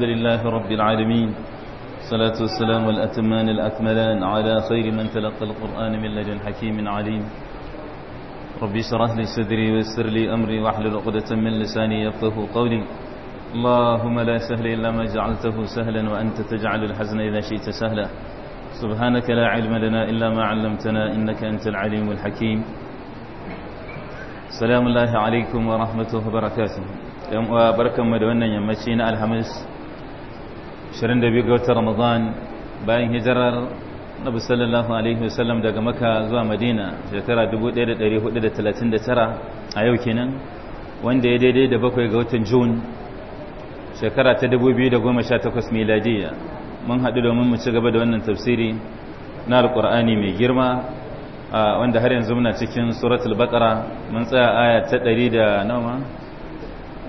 الحمد لله رب العالمين الصلاة والسلام والأتمان الأكملان على خير من تلقى القرآن من لدن حكيم عليم رب اشرح لي صدري ويسر لي أمري واحلل عقدة من لساني يفقه قولي اللهم لا سهل إلا ما جعلته سهلا وأنت تجعل الحزن إذا شئت سهلا سبحانك لا علم لنا إلا ما علمتنا إنك أنت العليم الحكيم سلام الله عليكم ورحمته وبركاته وبركم آه، مدونا يمشينا الحمس 22 ga watan ramadan bayan hijirar nabi sallallahu alaihi wasallam daga maka zuwa madina shekara 1439 a yau kenan wanda ya daidai da bakwai ga watan june shekara ta 2018 miladiya mun haɗu domin mu ci gaba da wannan tafsiri na alƙur'ani mai girma wanda har yanzu muna cikin suratul baqara mun tsaya aya ta 100 da nama.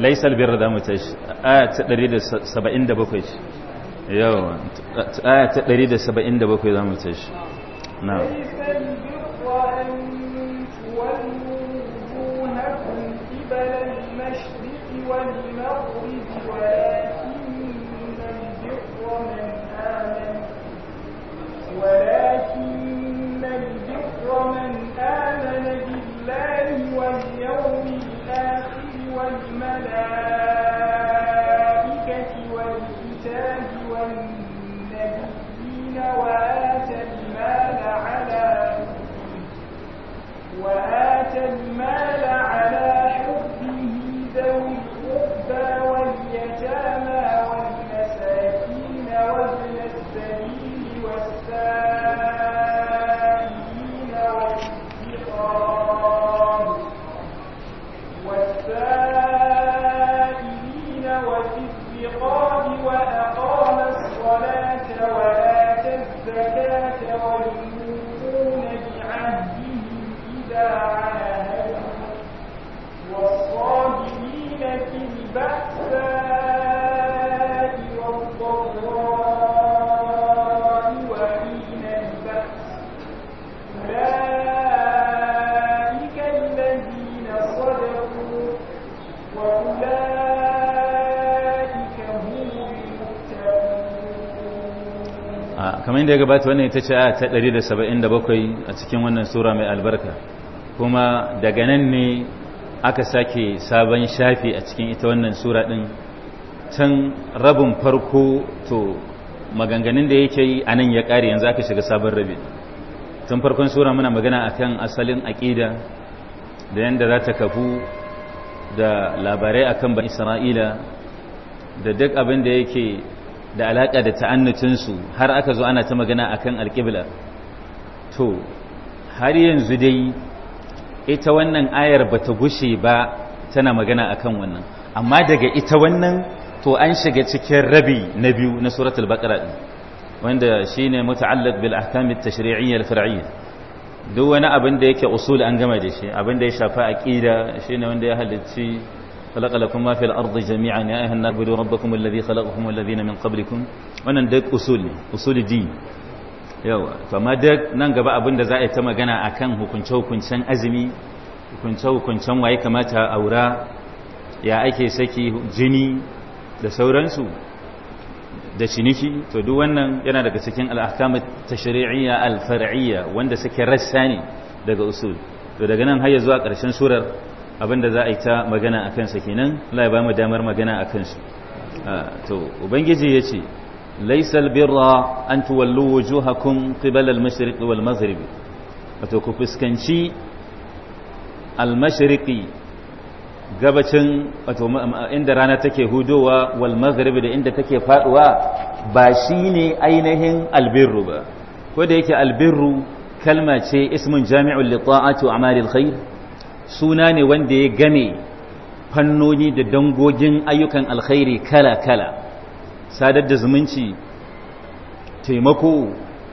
laisal birra da mu ta shi aya ta 177 yawa aya ta 177 za mu ta shi na'am da ya gabata wannan ita ce ta 177 a cikin wannan sura mai albarka kuma daga nan ne aka sake sabon shafi a cikin ita wannan sura din can rabin farko to maganganun da yake yi a nan ya ƙare yanzu aka shiga sabon rabi tun farkon sura muna magana a kan asalin aƙida da yadda za ta kafu da labarai akan ban isra'ila da duk abin da yake da alaƙa da ta'annutinsu har aka zo ana ta magana akan alƙibla to har yanzu dai ita wannan ayar ba ta gushe ba tana magana akan wannan amma daga ita wannan to an shiga cikin rabi na biyu na suratul bakara wanda shi shine muta'allaq bil ahkam tashri'iyyar tashri'iyya duk wani abin da yake usul an gama da shi abin da ya shafa aqida shine wanda ya halicci خلق لكم ما في الأرض جميعا يا أيها الناس اعبدوا ربكم الذي خلقكم والذين من قبلكم wannan duk usul ne usuli din Yau to amma duk nan gaba abin da za a yi ta magana akan hukunce hukuncen azumi hukunce hukuncen ya kamata aura ya ake saki jini da sauransu da ciniki to duk wannan yana daga cikin al-ahkam at-tashri'iyya wanda suke rassa ne daga usul to daga nan har zuwa ƙarshen surar abinda za a yi ta magana a kansa kenan Allah ya ba mu damar magana a kansu to ubangiji ya ce laisal birra an tuwallu wujuhakum qibala al-mashriq wal maghrib wato ku fuskanci al gabacin wato inda rana take hudowa wal maghrib da inda take faduwa ba shine ainihin albirru ba ko da yake albirru kalma ce ismun jami'un li ta'ati wa a'malil khair suna ne wanda ya game fannoni da dangogin ayyukan alkhairi kala-kala sadar da zumunci taimako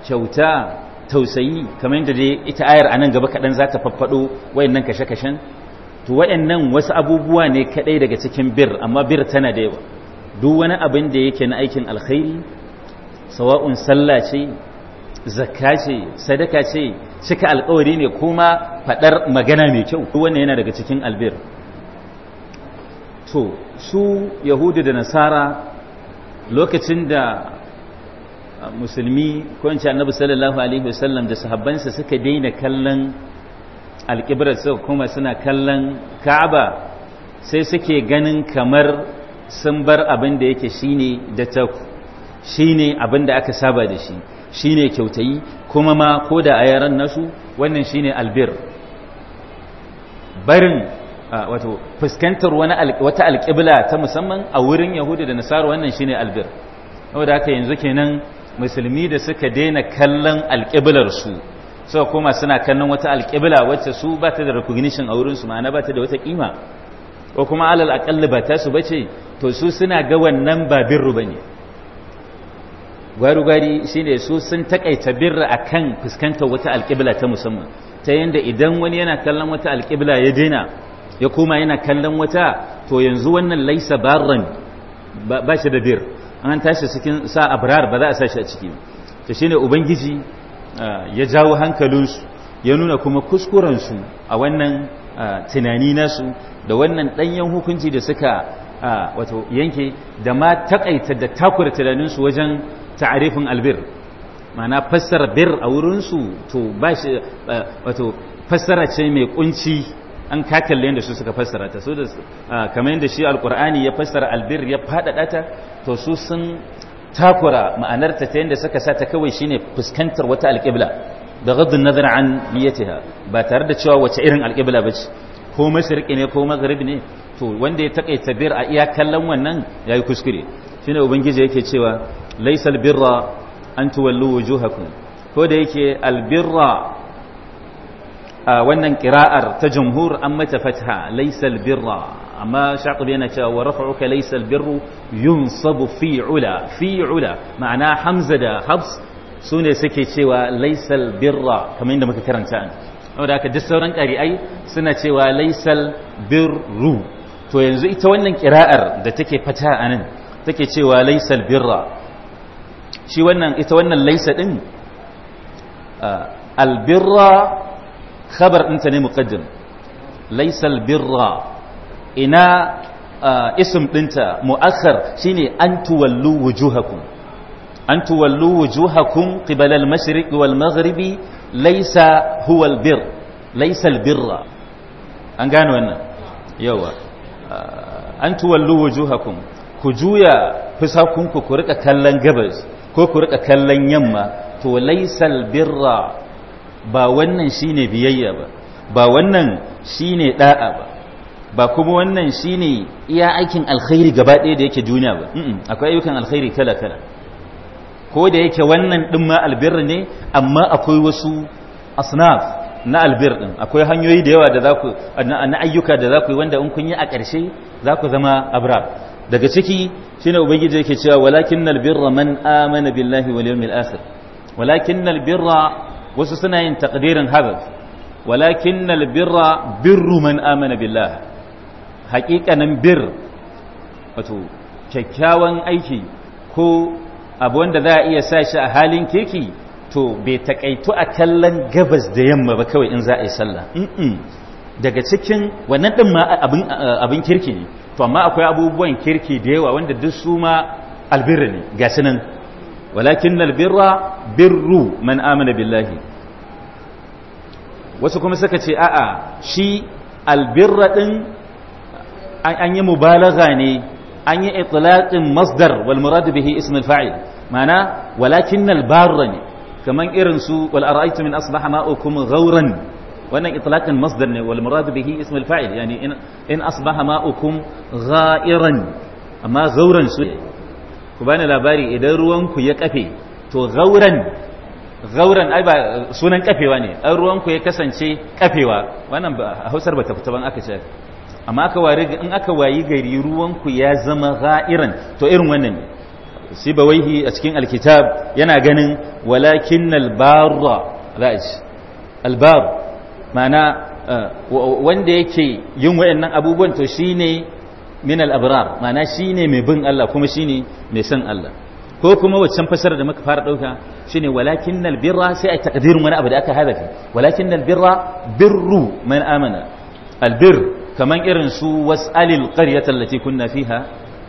kyauta tausayi kamar yadda dai ita ayar nan gaba kaɗan za ta faffaɗo wayannan kashe-kashen to wayannan wasu abubuwa ne kaɗai daga cikin bir amma bir tana da yawa duk wani abin da yake na aikin alkhairi sawa'un sallah ce zakka ce sadaka ce cika alkawari ne kuma faɗar magana mai kyau wannan yana daga cikin albir to su yahudu da nasara lokacin da musulmi ko in annabi sallallahu alaihi wasallam da sahabbansa suka daina kallon alƙibrar suka kuma suna kallon ka'aba sai suke ganin kamar sun bar abin da yake shine da ta shine abin da aka saba da shi shine kyautayi kuma ma ko da a yaran nasu wannan shine albir barin wato fuskantar wata alƙibla ta musamman a wurin yahudu da nasara wannan shine albir saboda haka yanzu kenan musulmi da suka daina kallon alqiblar su suka koma suna kallon wata alƙibla wacce su ba ta da recognition a wurin su ma'ana ba ta da wata ƙima ko kuma alal aqalli ba ta su bace to su suna ga wannan ba birru ne. gwarugwari shine su sun takaita birra a kan fuskantar wata alƙibla ta musamman ta yadda idan wani yana kallon wata alƙibla ya daina ya koma yana kallon wata to yanzu wannan laisa barran ba shi da bir an tashi cikin sa abrar ba za a sa shi a ciki to shine ubangiji ah, ya jawo hankalinsu ya nuna kuma kuskurensu a wannan ah, tunani nasu da wannan ɗanyen hukunci da suka ah, wato yanke da ma takaita da takura tunaninsu wajen ta'arifin albir ma'ana fassara bir a wurinsu to ba shi wato fassara ce mai kunci an ka kalle yadda su suka fassara ta so da kamar yadda shi alkur'ani ya fassara albir ya faɗaɗa ta to su sun takura ma'anarta ta yadda suka sa ta kawai shine fuskantar wata alƙibla da gaddun nazar an niyatiha ba tare da cewa wace irin alƙibla ba ce ko mashriqi ne ko maghrib ne to wanda ya takaita bir a iya kallon wannan yayi kuskure shine ubangiji yake cewa laisa albirra an tuwallu wujuhakum ko da yake albirra a wannan kira'ar ta jumhur an mata fatha laisa albirra amma shaqib yana cewa wa rafa'uka laisa albirru yunsabu fi ula fi ula ma'ana hamza da habs sune suke cewa laisa albirra kamar inda muka karanta saboda haka duk sauran ƙari'ai suna cewa laisal birru to yanzu ita wannan ƙira'ar da take fata a nan take cewa laisal birra shi wannan ita wannan laisa din albirra khabar ɗinta ne muqaddim laisa albirra ina ism ɗinta mu'akhar shine an tuwallu wujuhakum an tuwallu wujuhakum qibala al-mashriq wal maghribi laisa huwa albir laisa albirra an gano wannan yawa an tuwallu wujuhakum ku juya fusakunku ku rika kallon gabas ko ku rika kallon yamma to laisal birra ba wannan shine biyayya ba ba wannan shine da'a ba ba kuma wannan shine iya aikin alkhairi gaba ɗaya da yake duniya ba akwai ayyukan alkhairi kala kala ko da yake wannan din ma albirra ne amma akwai wasu asnaf na albir din akwai hanyoyi da yawa da za ku na ayyuka da za ku yi wanda in kun yi a ƙarshe za ku zama abrar daga ciki shine ubangiji yake cewa walakinnal birra man amana billahi wal yawmil akhir walakinnal birra wasu suna yin taqdirin hadaf walakinnal birra birru man amana billah haƙiƙanin bir wato kyakkyawan aiki ko abu wanda za a iya sa shi a halin kirki to bai takaitu a kallon gabas da yamma ba kawai in za a yi sallah daga cikin wannan din ma abin kirki ne to amma akwai abubuwan kirki da yawa wanda duk su ma albirra ne ga sunan walakin albirra birru man amana billahi wasu kuma suka ce a'a shi albirra din an yi mubalaga ne an yi itlaqin masdar wal murad bihi ism al fa'il ma'ana walakin albarra ne kaman irin su wal ara'aytu min asbaha ma'ukum ghawran wannan itlaqan masdar ne wal murad bihi ism al fa'il yani in in asbaha ma'ukum gha'iran amma gauran su ku bani labari idan ruwan ku ya kafe to gauran gauran ai ba sunan kafewa ne an ruwan ku ya kasance kafewa wannan ba Hausar ba ta fita ban aka ce amma aka wari in aka wayi gari ruwan ku ya zama gha'iran to irin wannan ne sibawaihi a cikin alkitab yana ganin walakin albarra za a ci mana eh, wanda yake yin wayannan abubuwan to shine min al-abrar mana ne mai bin Allah kuma shi ne mai son Allah ko kuma waccan fasar da muka fara ɗauka shi ne walakin nalbirra sai a takadirin wani abu da aka hadafi walakin nalbirra birru man amana al-birr kaman irin su was'alil qaryata tallafi kunna fiha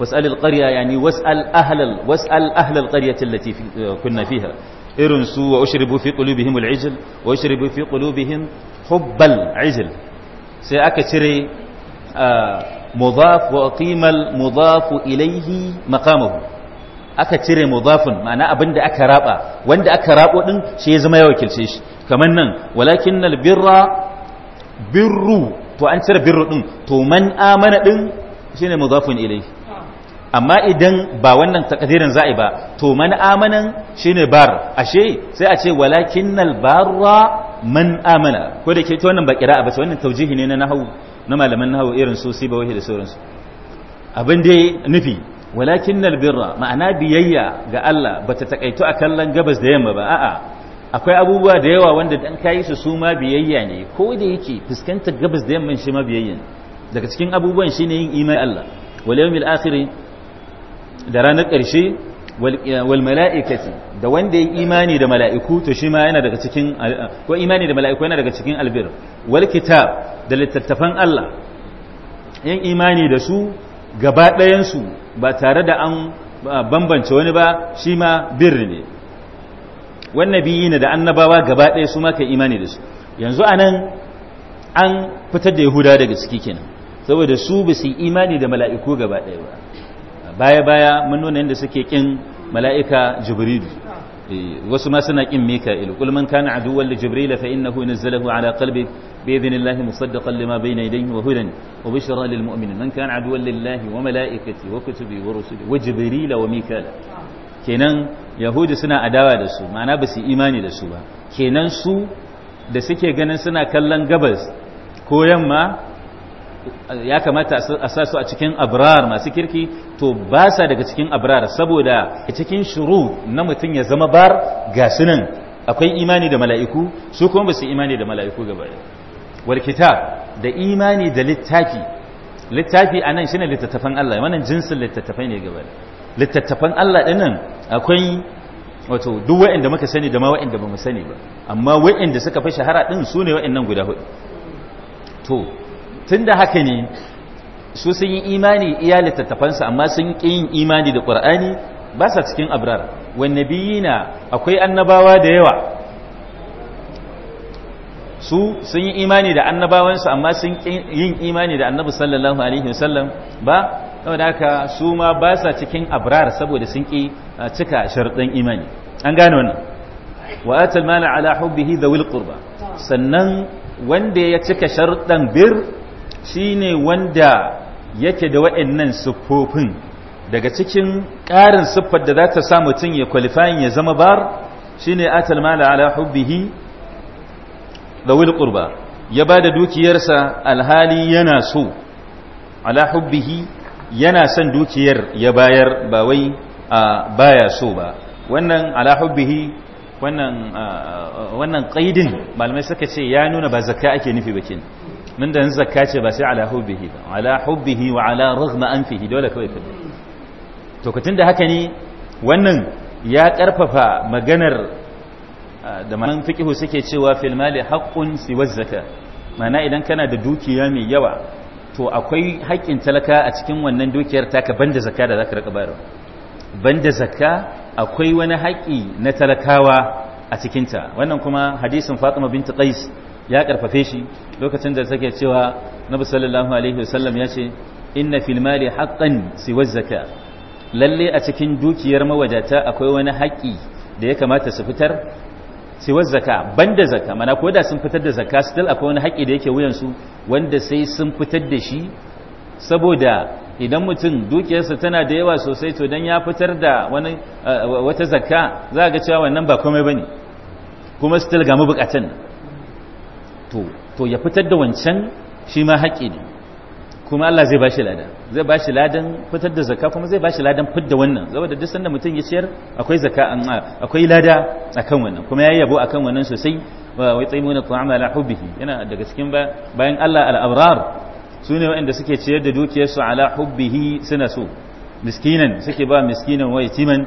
was'alil qarya yani was'al ahlal was'al ahlal qaryati tallafi eh, kunna fiha irin su wa ushribu fi qulubihim al-ijl wa ushribu fi qulubihim hubbal ijl sai aka cire mudaf wa qimal mudaf ilayhi maqamahu aka cire mudafin ma'ana abinda aka raba wanda aka rabo din shi ya zama ya wakilce shi kamar nan walakinnal birra birru to an cire birru din to man amana din shine mudafun ilayhi amma idan ba wannan takadirin za'i ba to man amanan shine bar ashe sai a ce walakinnal barra man amana ko da ke to wannan ba kira'a ba wannan taujihi ne na nahwu na malaman nahwu irin su wahi da sauransu abin dai nufi walakinnal birra ma'ana biyayya ga Allah bata takaito a kallon gabas da yamma ba a'a akwai abubuwa da yawa wanda dan kai su su ma biyayya ne ko da yake fuskantar gabas da yamma shi ma biyayya daga cikin abubuwan shine yin imani Allah wal yawmil akhirin da ranar ƙarshe eh, wal mala'ikati da wanda ya imani da mala'iku to shi ma yana daga cikin eh, ko imani da mala'iku yana daga cikin albir wal kitab da littattafan Allah yin imani da su gaba ɗayan ba tare da an bambance wani ba shi ma birri ne wannan biyi da annabawa gaba ɗaya su ma ka imani da su yanzu anan an fitar da yahuda daga ciki kenan saboda su ba imani da mala'iku gaba ɗaya ba baya baya mun nuna yadda suke kin mala'ika jibrilu eh, wasu ma suna kin mika'ilu kul man kana aduwwan li jibril fa innahu nazzalahu ala qalbi bi idhnillahi musaddaqan lima bayna yadayhi wa hudan wa bushra lil mu'minin man kana aduwwan lillahi wa mala'ikati wa kutubi wa rusuli wa jibril wa mika'il kenan yahudi suna adawa da su ma'ana ba su imani da su ba kenan su da suke ganin suna kallon gabas ko yamma ya kamata a sa su a cikin abrar masu kirki to ba sa daga cikin abrar saboda cikin shuru na mutum ya zama bar ga sunan akwai imani da mala'iku su kuma ba su imani da mala'iku gaba wal kitab da imani da littafi littafi anan shine littattafan Allah wannan jinsin littattafai ne gaba littattafan Allah dinnan akwai wato duk waɗanda muka sani da ma waɗanda ba mu sani ba amma waɗanda suka fi shahara ɗin su ne nan guda hudu to tun da haka ne su sun yi imani iya littattafansa amma sun ƙi yin imani da ƙur'ani ba sa cikin abrar wanne na akwai annabawa da yawa su sun yi imani da annabawansu amma sun yin imani da annabi sallallahu alaihi wasallam ba saboda haka su ma ba sa cikin abrar saboda sun ƙi cika sharɗin imani an gane wannan wa atal mala ala hubbihi dhawil qurba sannan wanda ya cika sharɗan bir Shi ne wanda yake da waɗannan siffofin daga cikin ƙarin siffar da za ta sa mutum ya kwalifayin ya zama bar shine ne mala ala hubbihi da wilƙurba ya ba da dukiyarsa alhali yana so ala hubbihi yana son dukiyar ya bayar ba wai a baya so ba wannan ala hubbihi wannan wannan malamai suka ce ya nuna ba zakka ake nufi bakin min da zakka ce ba sai ala hubbihi ba ala hubbihi wa ala raghma anfihi dole kawai ka to kutun da haka ne wannan ya karfafa maganar da man fiqhu suke cewa fil mali haqqun siwa zakka mana idan kana da dukiya mai yawa to akwai haƙƙin talaka a cikin wannan dukiyar taka banda zakka da zaka rika bayarwa banda zakka akwai wani haƙƙi na talakawa a cikinta wannan kuma hadisin Fatima binti Qais ya karfafe shi lokacin da take cewa nabi sallallahu alaihi wasallam ya ce inna fil mali haqqan siwa zakka lalle a cikin dukiyar mawadata akwai wani haƙi da ya kamata su fitar siwa zakka banda zakka mana ko da sun fitar da zakka still akwai wani haƙi da yake wuyan su wanda sai sun fitar da shi saboda idan mutum dukiyarsa tana da yawa sosai to dan ya fitar da wani eh, wata zakka za ga cewa wannan ba komai bane kuma still ga mabukatan to to ya fitar da wancan shi ma haƙƙi ne kuma Allah zai bashi lada zai bashi ladan fitar da zakka kuma zai bashi ladan da wannan saboda duk sanda mutum ya ciyar akwai zakka an akwai lada akan wannan kuma yayi yabo akan wannan sosai wa yutsimuna ta'ama ala hubbihi yana daga cikin bayan Allah al-abrar sune waɗanda suke ciyar da dukiyarsu ala hubbihi suna so miskinan suke ba miskinan wa yatiman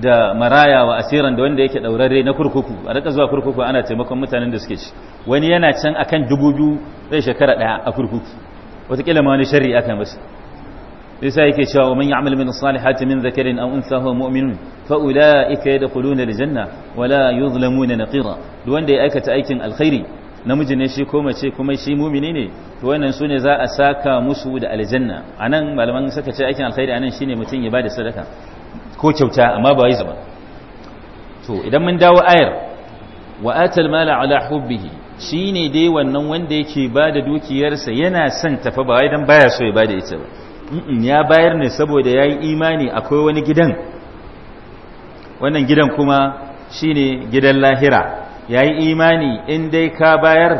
da maraya wa asiran da wanda yake daurarre na kurkuku a rika zuwa kurkuku ana taimakon mutanen da suke ci wani yana can akan dubu biyu zai shekara daya a kurkuku watakila ma wani shari'a aka masa yasa yake cewa wa man ya'mal min salihati min dhakarin aw untha huwa mu'minun fa ulaika yadkhuluna aljanna wa la yuzlamuna naqira duk wanda ya aikata aikin alkhairi namiji ne shi ko mace kuma shi mumini ne to wannan su ne za a saka musu da aljanna anan malaman saka ce aikin alkhairi anan shine mutum ya bada sadaka ko kyauta amma ba yi zama to idan mun dawo ayar wa atal mala ala hubbihi shine dai wannan wanda yake bada dukiyarsa yana son tafa ba wai dan baya so ya bada ita ba ya bayar ne saboda yayi imani akwai wani gidan wannan gidan kuma shine gidan lahira yayi imani in dai ka bayar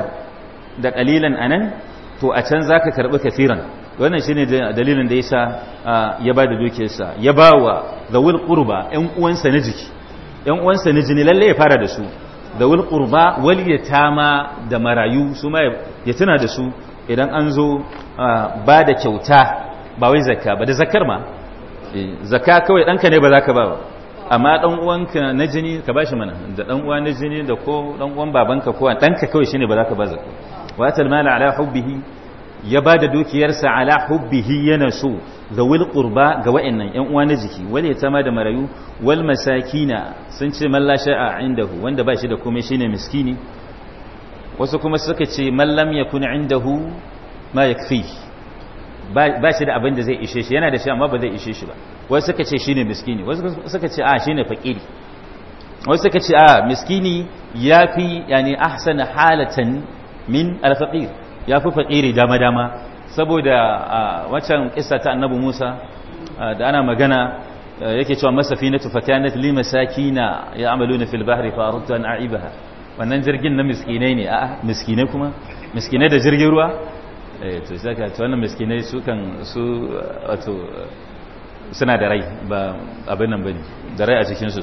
da kalilan anan to a can zaka karɓi kafiran wannan shi ne dalilin da yasa ya ba da dukiyarsa ya ba wa zawul ƙurba ƴan uwansa na jiki ƴan uwansa na jini lalle ya fara da su zawul qurba wal ma da marayu su ma ya tuna da su idan an zo ba da kyauta ba wai zakka ba da zakar ma e, zakka kawai ɗanka ne ba za ka ba ba amma ɗan uwanka na jini ka ba shi mana da ɗan uwa na jini da ko ɗan uwan babanka ko ɗanka kawai ne ba za ka ba zakka wa atal mala ala hubbihi ya ba da dukiyarsa ala hubbihi yana so da wil qurba ga wa'annan yan uwa na jiki wale wal yatama da marayu wal masakina sun ce man la sha'a indahu wanda ba shi da komai shine miskini wasu kuma suka ce man lam yakun indahu ma yakfi ba shi da abin da zai ishe shi yana da shi amma ba zai ishe shi ba wasu suka ce shine miskini wasu suka ce a shine fakiri wasu suka ce a miskini yafi yani ahsana halatan min al-faqir ya fi faƙiri dama-dama saboda wancan ƙisa ta annabu musa da ana magana yake cewa masafi na tufakanat lima na ya amalu na filbahari farutu na a'ibaha wannan jirgin na miskinai ne a miskinai kuma miskinai da jirgin ruwa eh, to shi zaka wannan miskinai su kan su wato suna da rai ba abin nan bane da rai a cikin su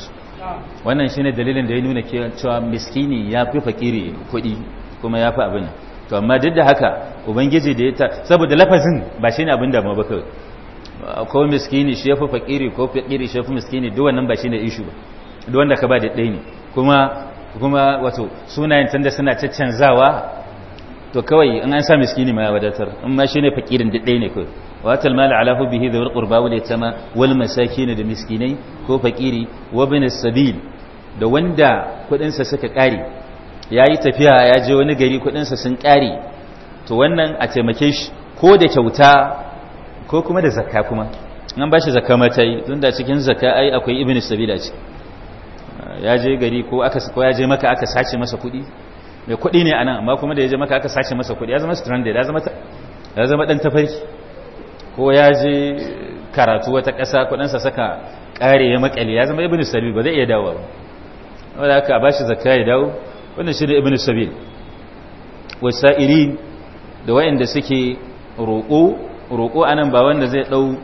wannan shine dalilin da ya nuna cewa miskini ya fi fakiri kuɗi kuma ya fi abin to amma duk da haka ubangiji da ya ta saboda lafazin ba shi ne abin damuwa ba kawai ko miskini shi ya fi fakiri ko fakiri shi ya fi miskini duk wannan ba shi ne ishu ba duk wanda ka ba da ɗaya ne kuma kuma wato sunayen tanda suna caccanzawa to kawai in an sa miskini ma wadatar in ma shi ne fakirin da ɗaya ne kawai watal mala ala bihi da qurba wal yatama wal masakin da miskinai ko fakiri wa bin sabil da wanda kudin sa suka kare ya yi tafiya ya je wani gari kudinsa sun ƙare to wannan a taimake shi ko da kyauta ko kuma da zakka kuma an ba shi zakka matai tun da cikin zakka ai akwai ibn sabila ce ya je gari ko aka ko ya je maka aka sace masa kuɗi mai kuɗi ne anan amma kuma da ya je maka aka sace masa kuɗi ya zama stranded ya zama ya zama dan tafarki ko ya je karatu wata ƙasa kudinsa saka ƙare ya makale ya zama ibn sabida ba zai iya dawo ba wanda aka ba shi zakka ya dawo wannan shi ne ibn sabil wasa'iri da wayanda suke roƙo roƙo anan ba wanda zai ɗau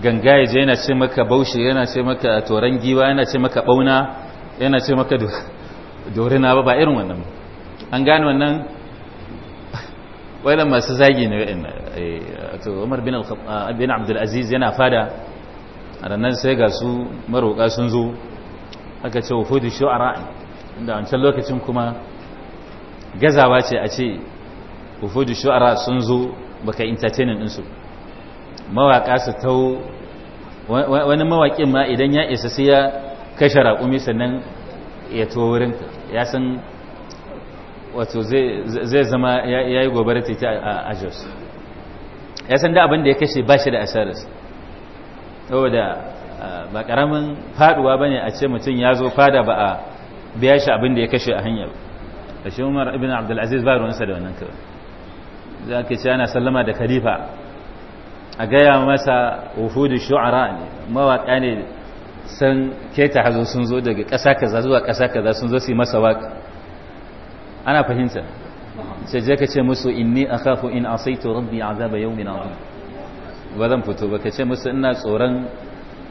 ganga ya je yana ce maka baushe yana ce maka toran giwa yana ce maka ɓauna yana ce maka dorina ba ba irin wannan an gane wannan wailan masu zagi ne wa'in eh, to umar ah, bin Abdul aziz yana fada a nan sai ga su maroƙa sun zo aka ce wa fudu shu'ara inda wancan lokacin kuma gazawa ce a ce ufudu shu'ara sun zo baka entertaining ɗinsu mawaƙa su tau wani mawaƙin ma idan ya isa sai ya kashe raƙumi sannan ya tuwo wurin ya san wato zai zama ya yi gobara titi a jos ya san da abin da ya kashe ba shi da asaris saboda ah, ba ƙaramin faɗuwa ba ne a ce mutum ya zo fada ba a biya shi abin da ya kashe a hanyar da shi umar ibn abdulaziz ba ruwansa da wannan kawai za ka ce ana sallama da khalifa a gaya masa wufudu shu'ara ne mawaƙa ne sun keta hazo sun zo daga ƙasa kaza zuwa ƙasa kaza sun zo su yi masa waƙa ana fahimta sai je ka ce musu inni akhafu in asaito rabbi azaba yawmin azim ba zan fito ba ka ce musu ina tsoron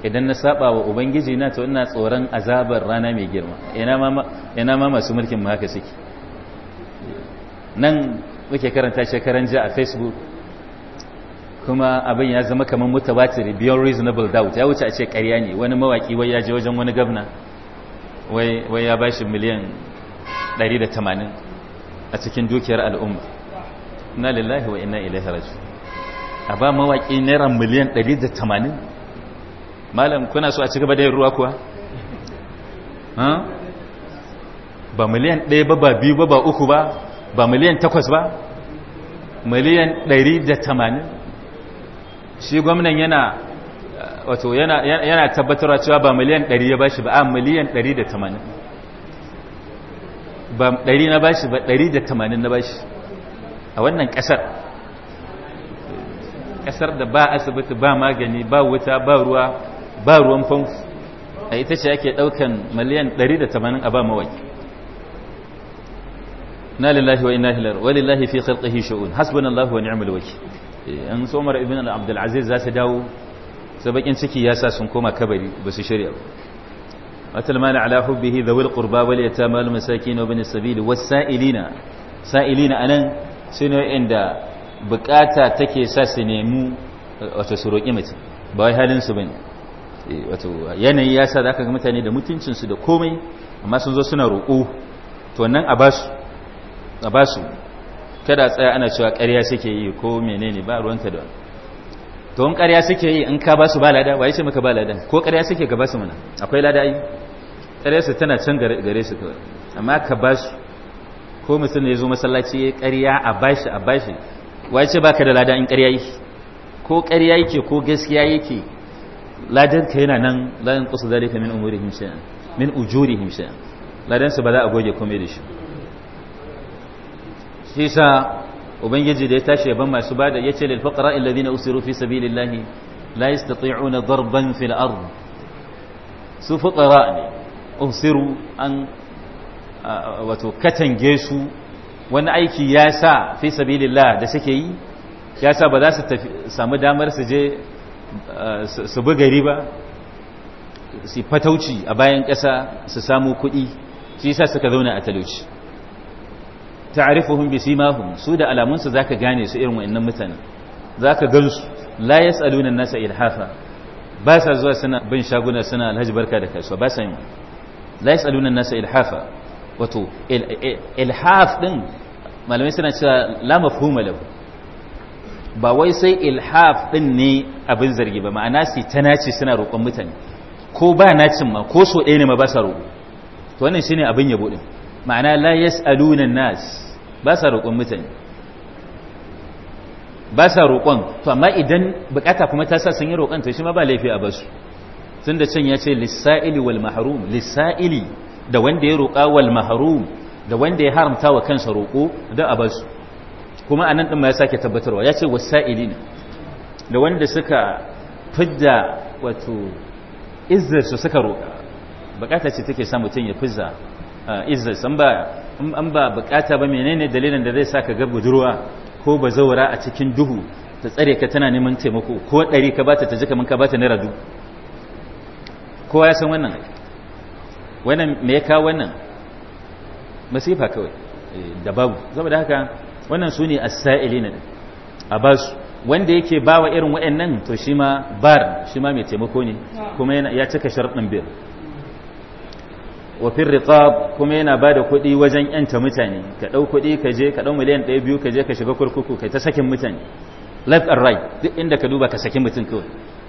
idan na saba wa ubangiji na to ina tsoron azabar rana mai girma ina ma masu mulkin ma haka suke nan muke karanta shekaran ji a facebook kuma abin ya zama kamar mutabatir beyond reasonable doubt ya wuce a ce karya ne wani mawaki wai ya je wajen wani gabna wai ya bashi miliyan 180 a cikin dukiyar al'umma na lillahi wa ina ilaihi raju a ba mawaki naira miliyan 180 malam kuna so a ci gaba da yin ruwa kuwa ba miliyan ɗaya ba ba biyu ba ba uku ba ba miliyan takwas ba miliyan ɗari da tamanin shi gwamnan yana wato yana tabbatarwa cewa ba miliyan ɗari ya bashi ba a miliyan ɗari da tamanin ba ɗari na bashi ba ɗari da tamanin na bashi a wannan ƙasar ƙasar da ba asibiti ba magani ba wuta ba ruwa ba ruwan famfo a ita ce ake ɗaukan miliyan 180 a ba mawaki na lillahi wa ina hilar walillahi fi khalqihi shu'un hasbunallahu wa ni'mal wakil an eh, somar ibn al-abdul aziz za su dawo bakin ciki ya sa sun koma kabari ba su shirya ba watal mala ala hubbihi dhawil qurba wal yatama wal masakin wa sabil was sa'ilina sa'ilina anan sune inda bukata take sa su nemi wato su roki mace ba wai halin su bane Eh, wato yanayi ya sa ka ga mutane da mutuncinsu da komai amma sun zo suna roƙo to nan a ba a kada tsaya ana cewa ƙarya suke yi ko menene ba ruwanta da to in ƙarya suke yi in ka ba su ba lada ya ce maka ba lada ko ƙarya suke ka su mana akwai lada yi ƙarya su tana can gare su kawai amma ka ba su ko mutum ya zo masallaci ya ƙarya a shi a bashi waye ce ka da lada in ƙarya yi ko ƙarya yake ko gaskiya yake ladan ka yana nan ladan kusa zalika min umurihim shay'an min ujurihim shay'an ladan su ba za a goge komai da shi shi sa ubangiji da ya tashi yaban masu bada yace lil faqara alladhina usiru fi sabilillahi la yastati'una darban fil ard su faqara ne usiru an wato katange su wani aiki ya sa fi sabilillah da suke yi ya sa ba za su samu damar su je su buga riba su fatauci a bayan ƙasa su samu kuɗi shi yasa suka zauna a talauci ta'rifuhum bi simahum su da alamun za ka gane su irin mutane za ka gansu la yasaluna an-nasa ilhafa ba sa zuwa suna bin shaguna suna alhaji barka da kasuwa ba sa yi la yasaluna an-nasa ilhafa wato ilhaf din malamai suna cewa la mafhuma lahu ba wai sai ilhaf din ne abin zargi ba ma'ana su ta naci suna roƙon mutane ko ba nacin ma ko so ɗaya ne ma ba sa roƙo to wannan shine abin yabo din ma'ana la yas'aluna nas ba sa roƙon mutane ba sa roƙon to amma idan bukata kuma ta sa sun yi roƙon to shi ma ba laifi a basu tun da can ya ce lissa'ili wal mahrum lissa'ili da wanda ya roƙa wal mahrum da wanda ya haramta wa kansa roƙo da a basu kuma anan din ma ya sake tabbatarwa ya ce wasa'ilin da wanda suka fidda wato su suka roƙa bukata ce take sa mutum ya fizza uh, ba an ba bukata ba menene dalilin da zai sa ka ga budurwa ko ba a cikin duhu ta tsare ka tana neman taimako ko ɗari ka bata ta jika kamar ka bata naira du kowa ya san wannan wannan me ya kawo wannan masifa kawai eh, da babu saboda haka wannan su ne asa'ili ne a ba su wanda yake ba wa irin waɗannan to shi ma bar shi ma mai taimako ne kuma ya cika sharɗin biyar. wafin riqab kuma yana ba da kuɗi wajen yanta mutane ka ɗau kuɗi ka je ka ɗau miliyan ɗaya biyu ka je ka shiga kurkuku ka ta sakin mutane left and right duk inda ka duba ka saki mutum kawai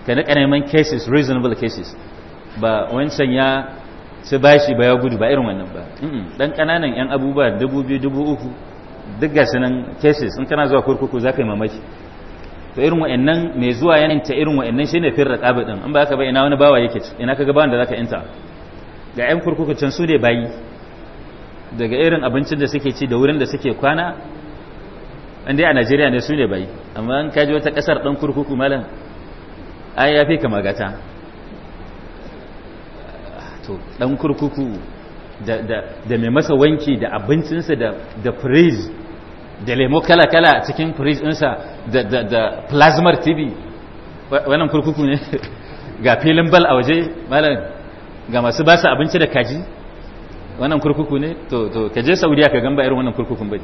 ka niƙa neman cases reasonable cases ba wancan ya ci bashi ba ya gudu ba irin wannan ba ɗan ƙananan 'yan abubuwa dubu biyu dubu uku duk ga nan cases in kana zuwa kurkuku za ka yi mamaki to irin wa'annan mai zuwa yanayin ta irin wa'annan shine firra kabi din in ba ka ba ina wani bawa yake ina kaga bawan da zaka yanta ga yan kurkuku can su ne bayi daga irin abincin da suke ci da wurin da suke kwana in dai a Najeriya ne su ne bayi amma in kaji wata kasar dan kurkuku malam ai ya fi kama gata to dan kurkuku da mai masa wanki da abincinsa da freeze da lemo kala-kala a cikin freeze ɗinsa da plasmar tv wannan kurkuku ne ga filin bal a waje malam ga masu ba su abinci da kaji wannan kurkuku ne to ka je saudiya ka gamba irin wannan kurkukun bai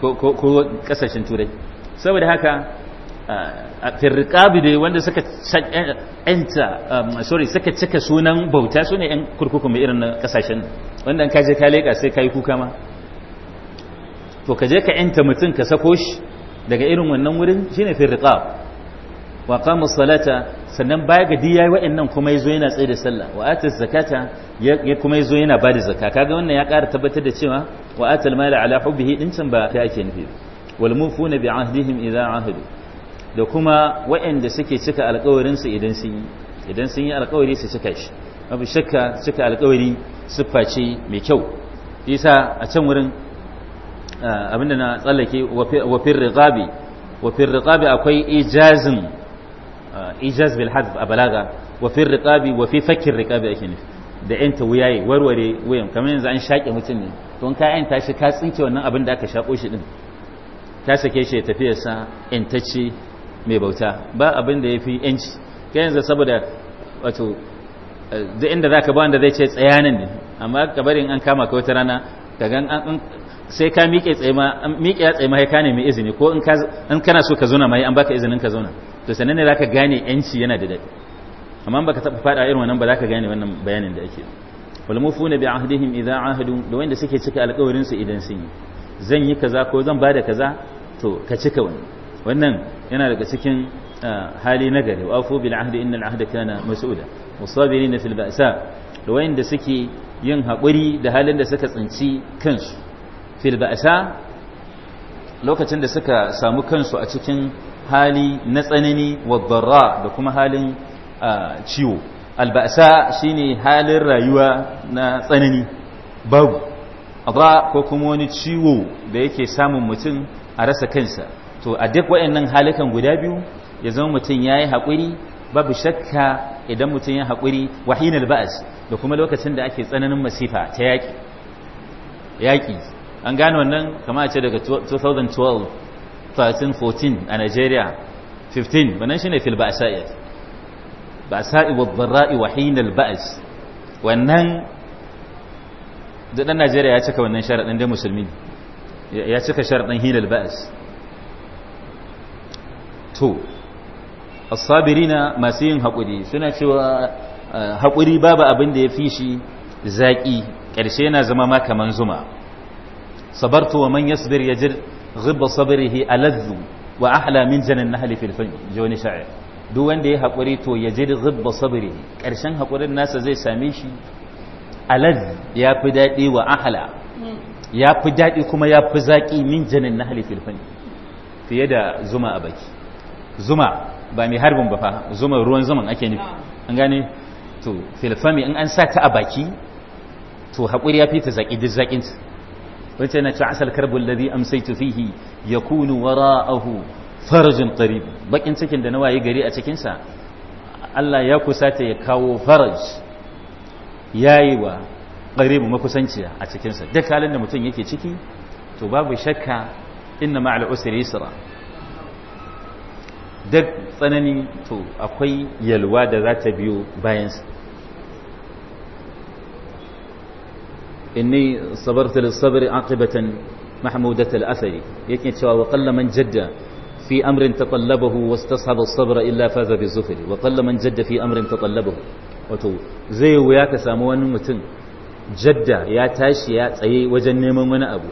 ko kasashen turai saboda haka Ah, firriqabi dai wanda suka eh, um, sorry suka cika sunan bauta ne yan kurkuku mai irin kasashen wanda ka je ka leka sai yi kuka ma to ka je ka yanta mutum ka sako shi daga irin wannan wurin shine firriqab wa qama salata sannan baya ga diya wa'annan kuma zo yana tsaye da sallah wa atas zakata ya kuma yana ba da zakka kaga wannan ya ƙara tabbatar da cewa wa atal mala ala hubbihi din can ba ta ake nufi wal mufuna bi ahdihim idza ahadu da kuma waɗanda suke cika alkawarinsu idan sun yi idan sun yi alkawari su cika shi abu shakka cika alkawari siffa ce mai kyau isa a can wurin abinda na tsallake wafin rigabi wafin rigabi akwai ijazin ijaz bil hadf a balaga wafin rigabi wafi fakkin rigabi ake nufi da wuya wuyaye warware wuyan kamar yanzu an shaƙe mutum ne don ka yanta shi ka tsinke wannan abin da aka shaƙo shi din ta sake shi ya tafi ta yantacce mai bauta ba abin da ya fi yanci kai yanzu saboda wato da inda za ka ba wanda zai ce tsayanin ne amma kabarin an kama ka wata rana an sai ka miƙe tsaima miƙe ya tsaima ya ne mai izini ko in kana so ka zauna mai an baka izinin ka zauna to sannan ne ka gane yanci yana da daɗi amma ba ka taɓa faɗa irin wannan ba za ka gane wannan bayanin da ake wal mufuna bi ahdihim idza ahadu da wanda suke cika alƙawarin su idan sun yi zan yi kaza ko zan bada kaza to ka cika wani wannan yana daga cikin ah, hali na gari wa afu bil ahdi innal ahda kana mas'ula musabirin fil ba'sa da wayanda suke yin haƙuri da halin da suka tsinci kansu fil ba'sa lokacin da suka samu kansu a cikin hali na tsanani wa dharra da kuma halin ah, ciwo al ba'sa shine halin rayuwa na tsanani babu ba ko kuma wani ciwo da yake samun mutum a rasa kansa to a duk waɗannan halikan guda biyu ya zama mutum ya yi haƙuri babu shakka idan mutum ya haƙuri wahinal ba'as da kuma lokacin da ake tsananin masifa ta yaƙi yaƙi an gane wannan kama a ce daga 2012 13 14 a Nigeria 15 wannan shi ne fil ba'sa'i ba'sa'i wa dharra'i wa hinal ba'as wannan da dan Najeriya ya cika wannan sharadin da musulmi ya cika sharadin hinal ba'as to sabirina masu yin haƙuri suna cewa eh, haƙuri babu abin da ya fi shi zaƙi ƙarshe yana zama ma kaman zuma sabartu wa man ya ya yajir ghibba sabrihi alazzu wa ahla min janan nahli fil jawni sha'ir duk wanda ya haƙuri to ya yajir ghibba sabrihi ƙarshen haƙurin nasa zai same shi alaz ya fi daɗi wa ahla ya fi daɗi kuma ya fi zaƙi min janan nahli fil fiye da zuma a baki zuma ba mai harbin ba fa zuma ruwan zuman ake nufi ah. an gane to filfami in an sa ta a baki to haƙuri ya fi ta zaƙi duk zaƙinta wacce na ci asal karbul ladhi amsaytu fihi wara ahu farajin qarib baƙin cikin da na wayi gari a cikinsa. Allah ya kusa ta ya kawo faraj yi wa qarib makusanciya a cikinsa sa duk halin da mutum yake ciki to babu shakka inna ma'al usri yusra duk tsanani to akwai yalwa da za ta biyo bayan su inni sabarta lissabari aqibatan mahmudat al-athari yake cewa wa qalla man jadda fi amrin taqallabahu wastasaba as-sabra illa faza bi zufri wa qalla man jadda fi amrin taqallabahu wato zai wuya ka samu wani mutum jadda ya tashi ya tsaye wajen neman wani abu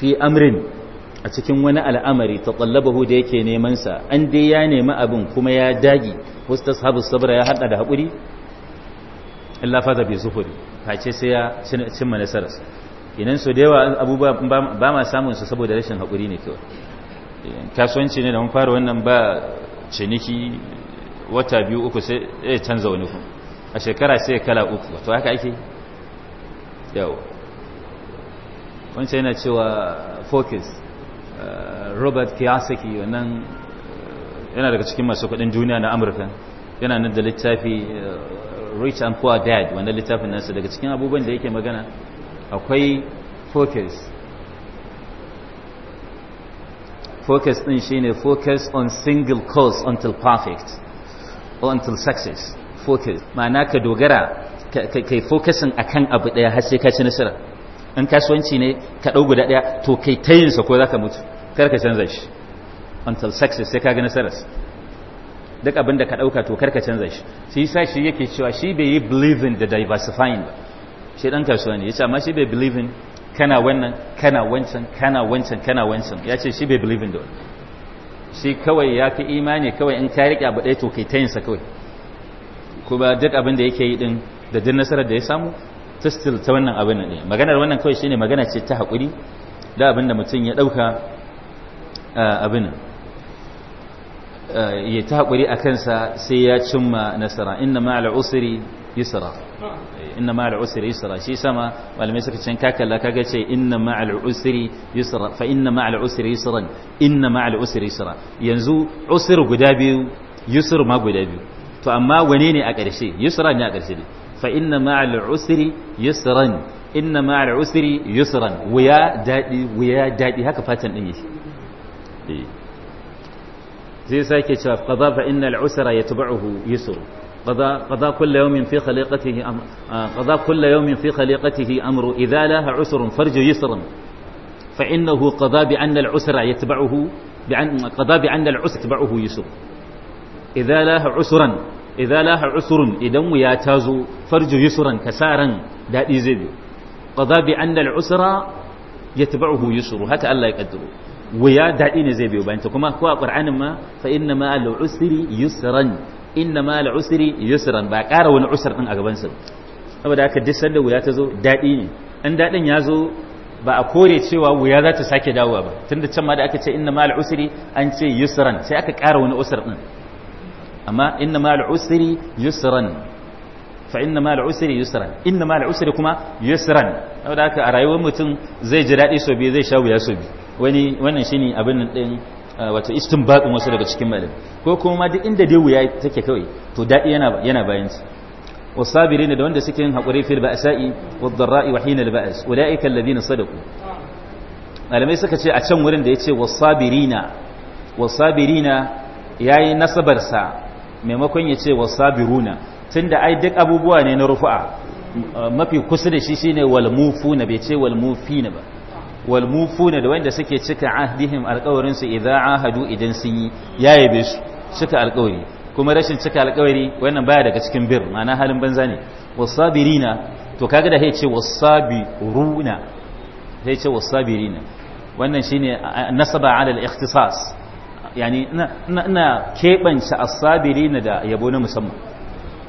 fi amrin a cikin wani al'amari ta tsallabahu da yake nemansa an dai ya nemi abin kuma ya dagi hustas habu sabra ya hada da haƙuri illa fata bai zuhuri ce sai ya cimma nasararsa inan so da yawa abubuwa ba ma samun su saboda rashin haƙuri ne kawai eh, kasuwanci ne da mun fara wannan ba ciniki wata biyu uku sai ya eh, canza wani kun a shekara sai kala uku wato haka ake yau wancan yana cewa focus robert kiyosaki wannan uh, yana daga cikin masu kudin duniya na amurka yana nan da littafi uh, rich and poor dad wannan littafin nasa daga cikin abubuwan da yake magana akwai focus focus din shine focus on single cause until perfect or until success focus ma'ana ka dogara kai focusin akan abu daya har sai ka ci nasara in kasuwanci ne ka ɗau guda ɗaya to kai ta yinsa ko za ka mutu kar ka canza shi until success sai ka ga nasararsa duk abin da ka ɗauka to karka canza shi shi sa shi yake cewa shi bai yi believing da diversifying ba shi ɗan kasuwa ne ce amma shi bai believing kana wannan kana wancan kana wancan kana wancan ya ce shi bai believing da wani shi kawai ya fi imani kawai in ka riƙe abu ɗaya to kai ta yinsa kawai kuma duk abin da yake yi ɗin da duk nasarar da ya samu still ta wannan abin ne maganar wannan kawai shine magana ce ta haƙuri da abin da mutum ya ɗauka abin ya ta haƙuri a kansa sai ya cimma nasara inna ma'al usri yusra eh, inna ma'al usri yusra shi sama malamai suka can kakalla kaga ce inna ma'al usri yusra fa inna ma'al usri yusran inna ma'al usri yusra yanzu usr guda biyu yusr ma guda biyu to amma wane ne a ƙarshe yusra ne a ƙarshe ne فإن مع العسر يسرا إن مع العسر يسرا ويا دادي ويا دادي هكا فاتن إني إيه. زي ساكي شاف قضاء فإن العسر يتبعه يسر قضاء, قضاء كل يوم في خليقته أمر آه، قضاء كل يوم في خليقته أمر إذا لها عسر فرج يسرا فإنه قضى بأن العسر يتبعه بأن قضى بأن العسر يتبعه يسر إذا لها عسرا idza laha usrun idan wuya ta zo farju yusran kasaran dadi zai biyo qadha bi anna al-usra yatba'uhu yusru haka Allah ya kaddaro wuya dadi ne zai biyo bayan ta kuma ko a qur'anin ma fa inna ma al-usri yusran inna ma al-usri yusran ba ƙara wani usr din a gaban sa saboda haka duk sanda wuya ta zo dadi ne in dadin ya zo ba a kore cewa wuya za ta sake dawowa ba tunda can ma da aka ce inna ma al-usri an ce yusran sai aka ƙara wani usr din amma inna ma al'usri yusran fa inna ma al'usri yusran inna ma al'usri kuma yusran saboda haka a rayuwar mutum zai ji daɗi so biyu zai sha wuya so biyu wani wannan shine abin din eh, wato istinbadin wasu daga cikin malam ko kuma duk inda dai wuya take kawai to daɗi yana yana bayan shi والصابرين ده wanda suke yin hakuri fil ba'sa'i wad dharra'i wa hina al ba's ulaika alladhina sadaqu malamai suka ce a can wurin da yace was sabirina sabirina yayi maimakon ya ce wasabiruna da ai duk abubuwa ne na rufu'a mafi kusa da shi shine walmufu na bai ce walmufi na ba walmufu na da wanda suke cika ahdihim alƙawarin su an hadu idan sun yi bai su cika alƙawari kuma rashin cika alƙawari wannan baya daga cikin bir ma'ana halin banza ne wasabirina to kaga da sai ce wasabiruna sai ce wasabirina wannan shine nasaba ala al-ikhtisas yani ina keɓance asabirina da yabo na musamman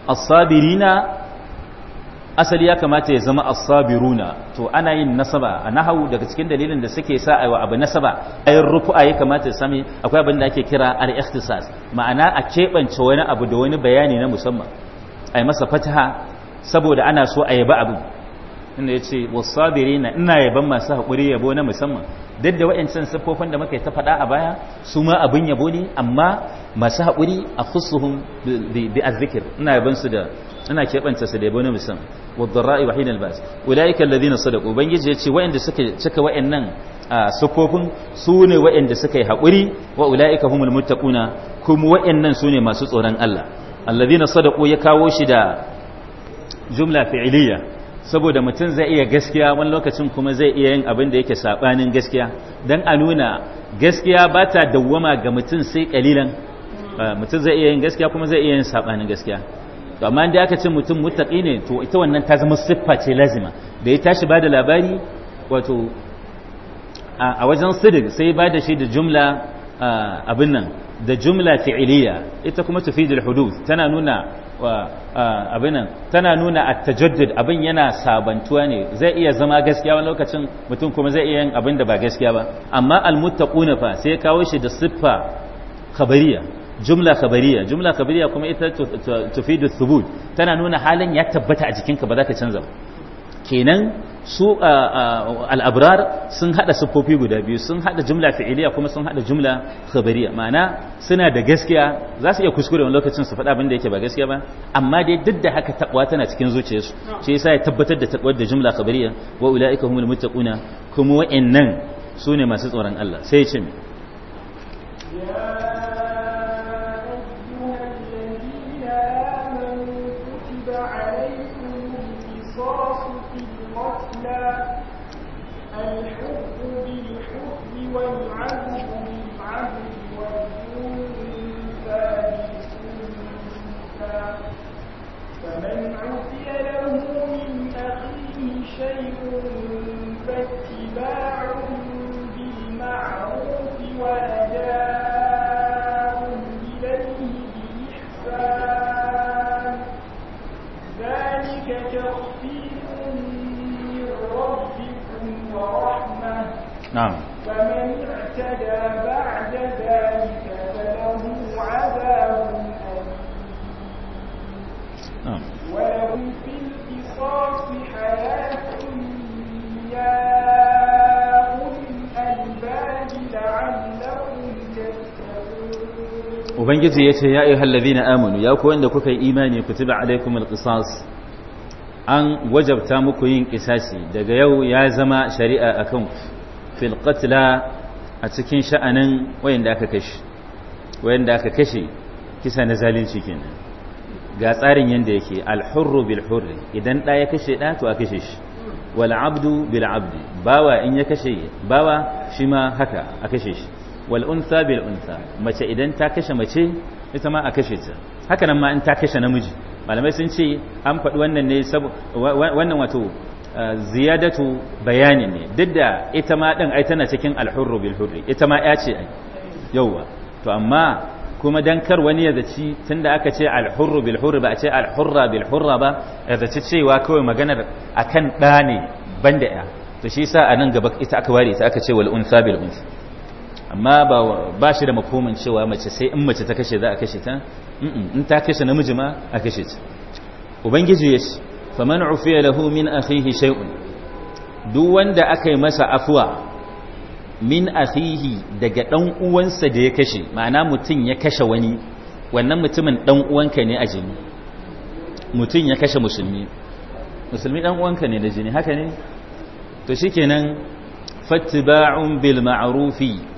asabirina asali ya kamata ya zama asabiruna to ana yin nasaba a nahawu daga cikin dalilin da suke sa aiwa abu nasaba ayin rufu'a ya kamata ya sami akwai abin da ake kira al-ikhtisas ma'ana a keɓance wani abu da wani bayani na musamman ai masa fataha saboda ana so a yaba abu. inda yace wasabirina ina yaban masu hakuri yabo na musamman duk da wayancan siffofin da muka ta faɗa a baya su ma abin yabo ne amma masu hakuri a khusuhum bi azzikir ina yabon su da ina keɓanta su da yabo na musamman wadarra'i wa hinal bas ulaika alladhina sadaqu ubangiji yace wayanda suka cika wayannan siffofin su ne wayanda suka yi hakuri wa ulaika humul muttaquna kuma wayannan su ne masu tsoron Allah alladhina sadaqu ya kawo shi da jumla fi'iliya saboda mutum zai iya gaskiya wani lokacin kuma zai iya yin abin da yake saɓanin gaskiya don a nuna gaskiya ba ta dawwama ga mutum sai kalilan eh, mutum zai iya yin gaskiya kuma zai iya yin saɓanin gaskiya to amma da aka ce mutum mutaki ne to ita wannan ta zama siffa ce lazima da ya tashi ba da labari wato a wajen sidik sai ba da shi da jumla eh, abin nan da jumla fi'iliya ita kuma tufidul hudud tana nuna nan tana nuna a tajaddud abin yana sabantuwa ne zai iya zama gaskiya wani lokacin mutum kuma zai iya yin abin da ba gaskiya ba amma almutta muttaquna fa sai kawo shi da siffa khabariya jumla khabariya jumla khabariya kuma ita tufidu thubut tana nuna halin ya tabbata a jikinka ba za ka canza ba kenan su al'abrar sun hada siffofi guda biyu sun hada jumla fi'iliya kuma sun hada jumla khabariya ma'ana suna da gaskiya za su iya kuskure wani lokacin su faɗa abin da yake ba gaskiya ba amma dai duk da haka taɓuwa tana cikin zuciyarsu shi yasa ya tabbatar da takwar da jumla khabariya wa ulaika humul muttaquna kuma wa'annan sune masu tsoron Allah sai ya ce فمن عفي له من أخيه شيء فاتباع بالمعروف وأداء إليه بإحسان ذلك تخفيف من ربكم ورحمة نعم فمن اعتدى بعد ذلك ubangiji ya ce ya ayyuhal ladina amanu ya ku wanda kuka yi imani kutiba alaikumul qisas an wajabta muku yin kisasi daga yau ya zama shari'a akan fil qatla a cikin sha'anin wayanda aka kashe wayanda aka kashe kisa na zalunci kenan ga tsarin yanda yake al hurru bil hurri idan da ya kashe da to a kashe shi wal abdu bil abdi bawa in ya kashe bawa shi ma haka a kashe shi wal'unsa unsa bil unsa mace idan ta kashe mace ita ma a kashe ta haka nan ma in ta kashe namiji malamai sun ce an faɗi wannan ne wannan wato ziyadatu bayani ne duk da ita ma ɗin ai tana cikin alhurru bil hurri ita ma ya ce yauwa to amma kuma dan kar wani ya zaci tunda aka ce alhurru bil hurri ba a ce alhurra bil hurra ba ya zaci cewa kawai maganar akan ɗa ne da ya to shi sa a nan gaba ita aka ware ita aka ce wal unsa bil unsa amma ba ba shi da makomin cewa mace sai in mace ta kashe za a kashe ta in ta kashe namiji ma a kashe ta ubangiji ya fa faman ufiya lahu min akhihi shay'un duk wanda aka yi masa afuwa min akhihi daga dan uwansa da ya kashe ma'ana mutum ya kashe wani wannan mutumin dan uwanka ne a jini mutum ya kashe musulmi musulmi dan uwanka ne da jini haka ne to shikenan fattiba'un bil ma'rufi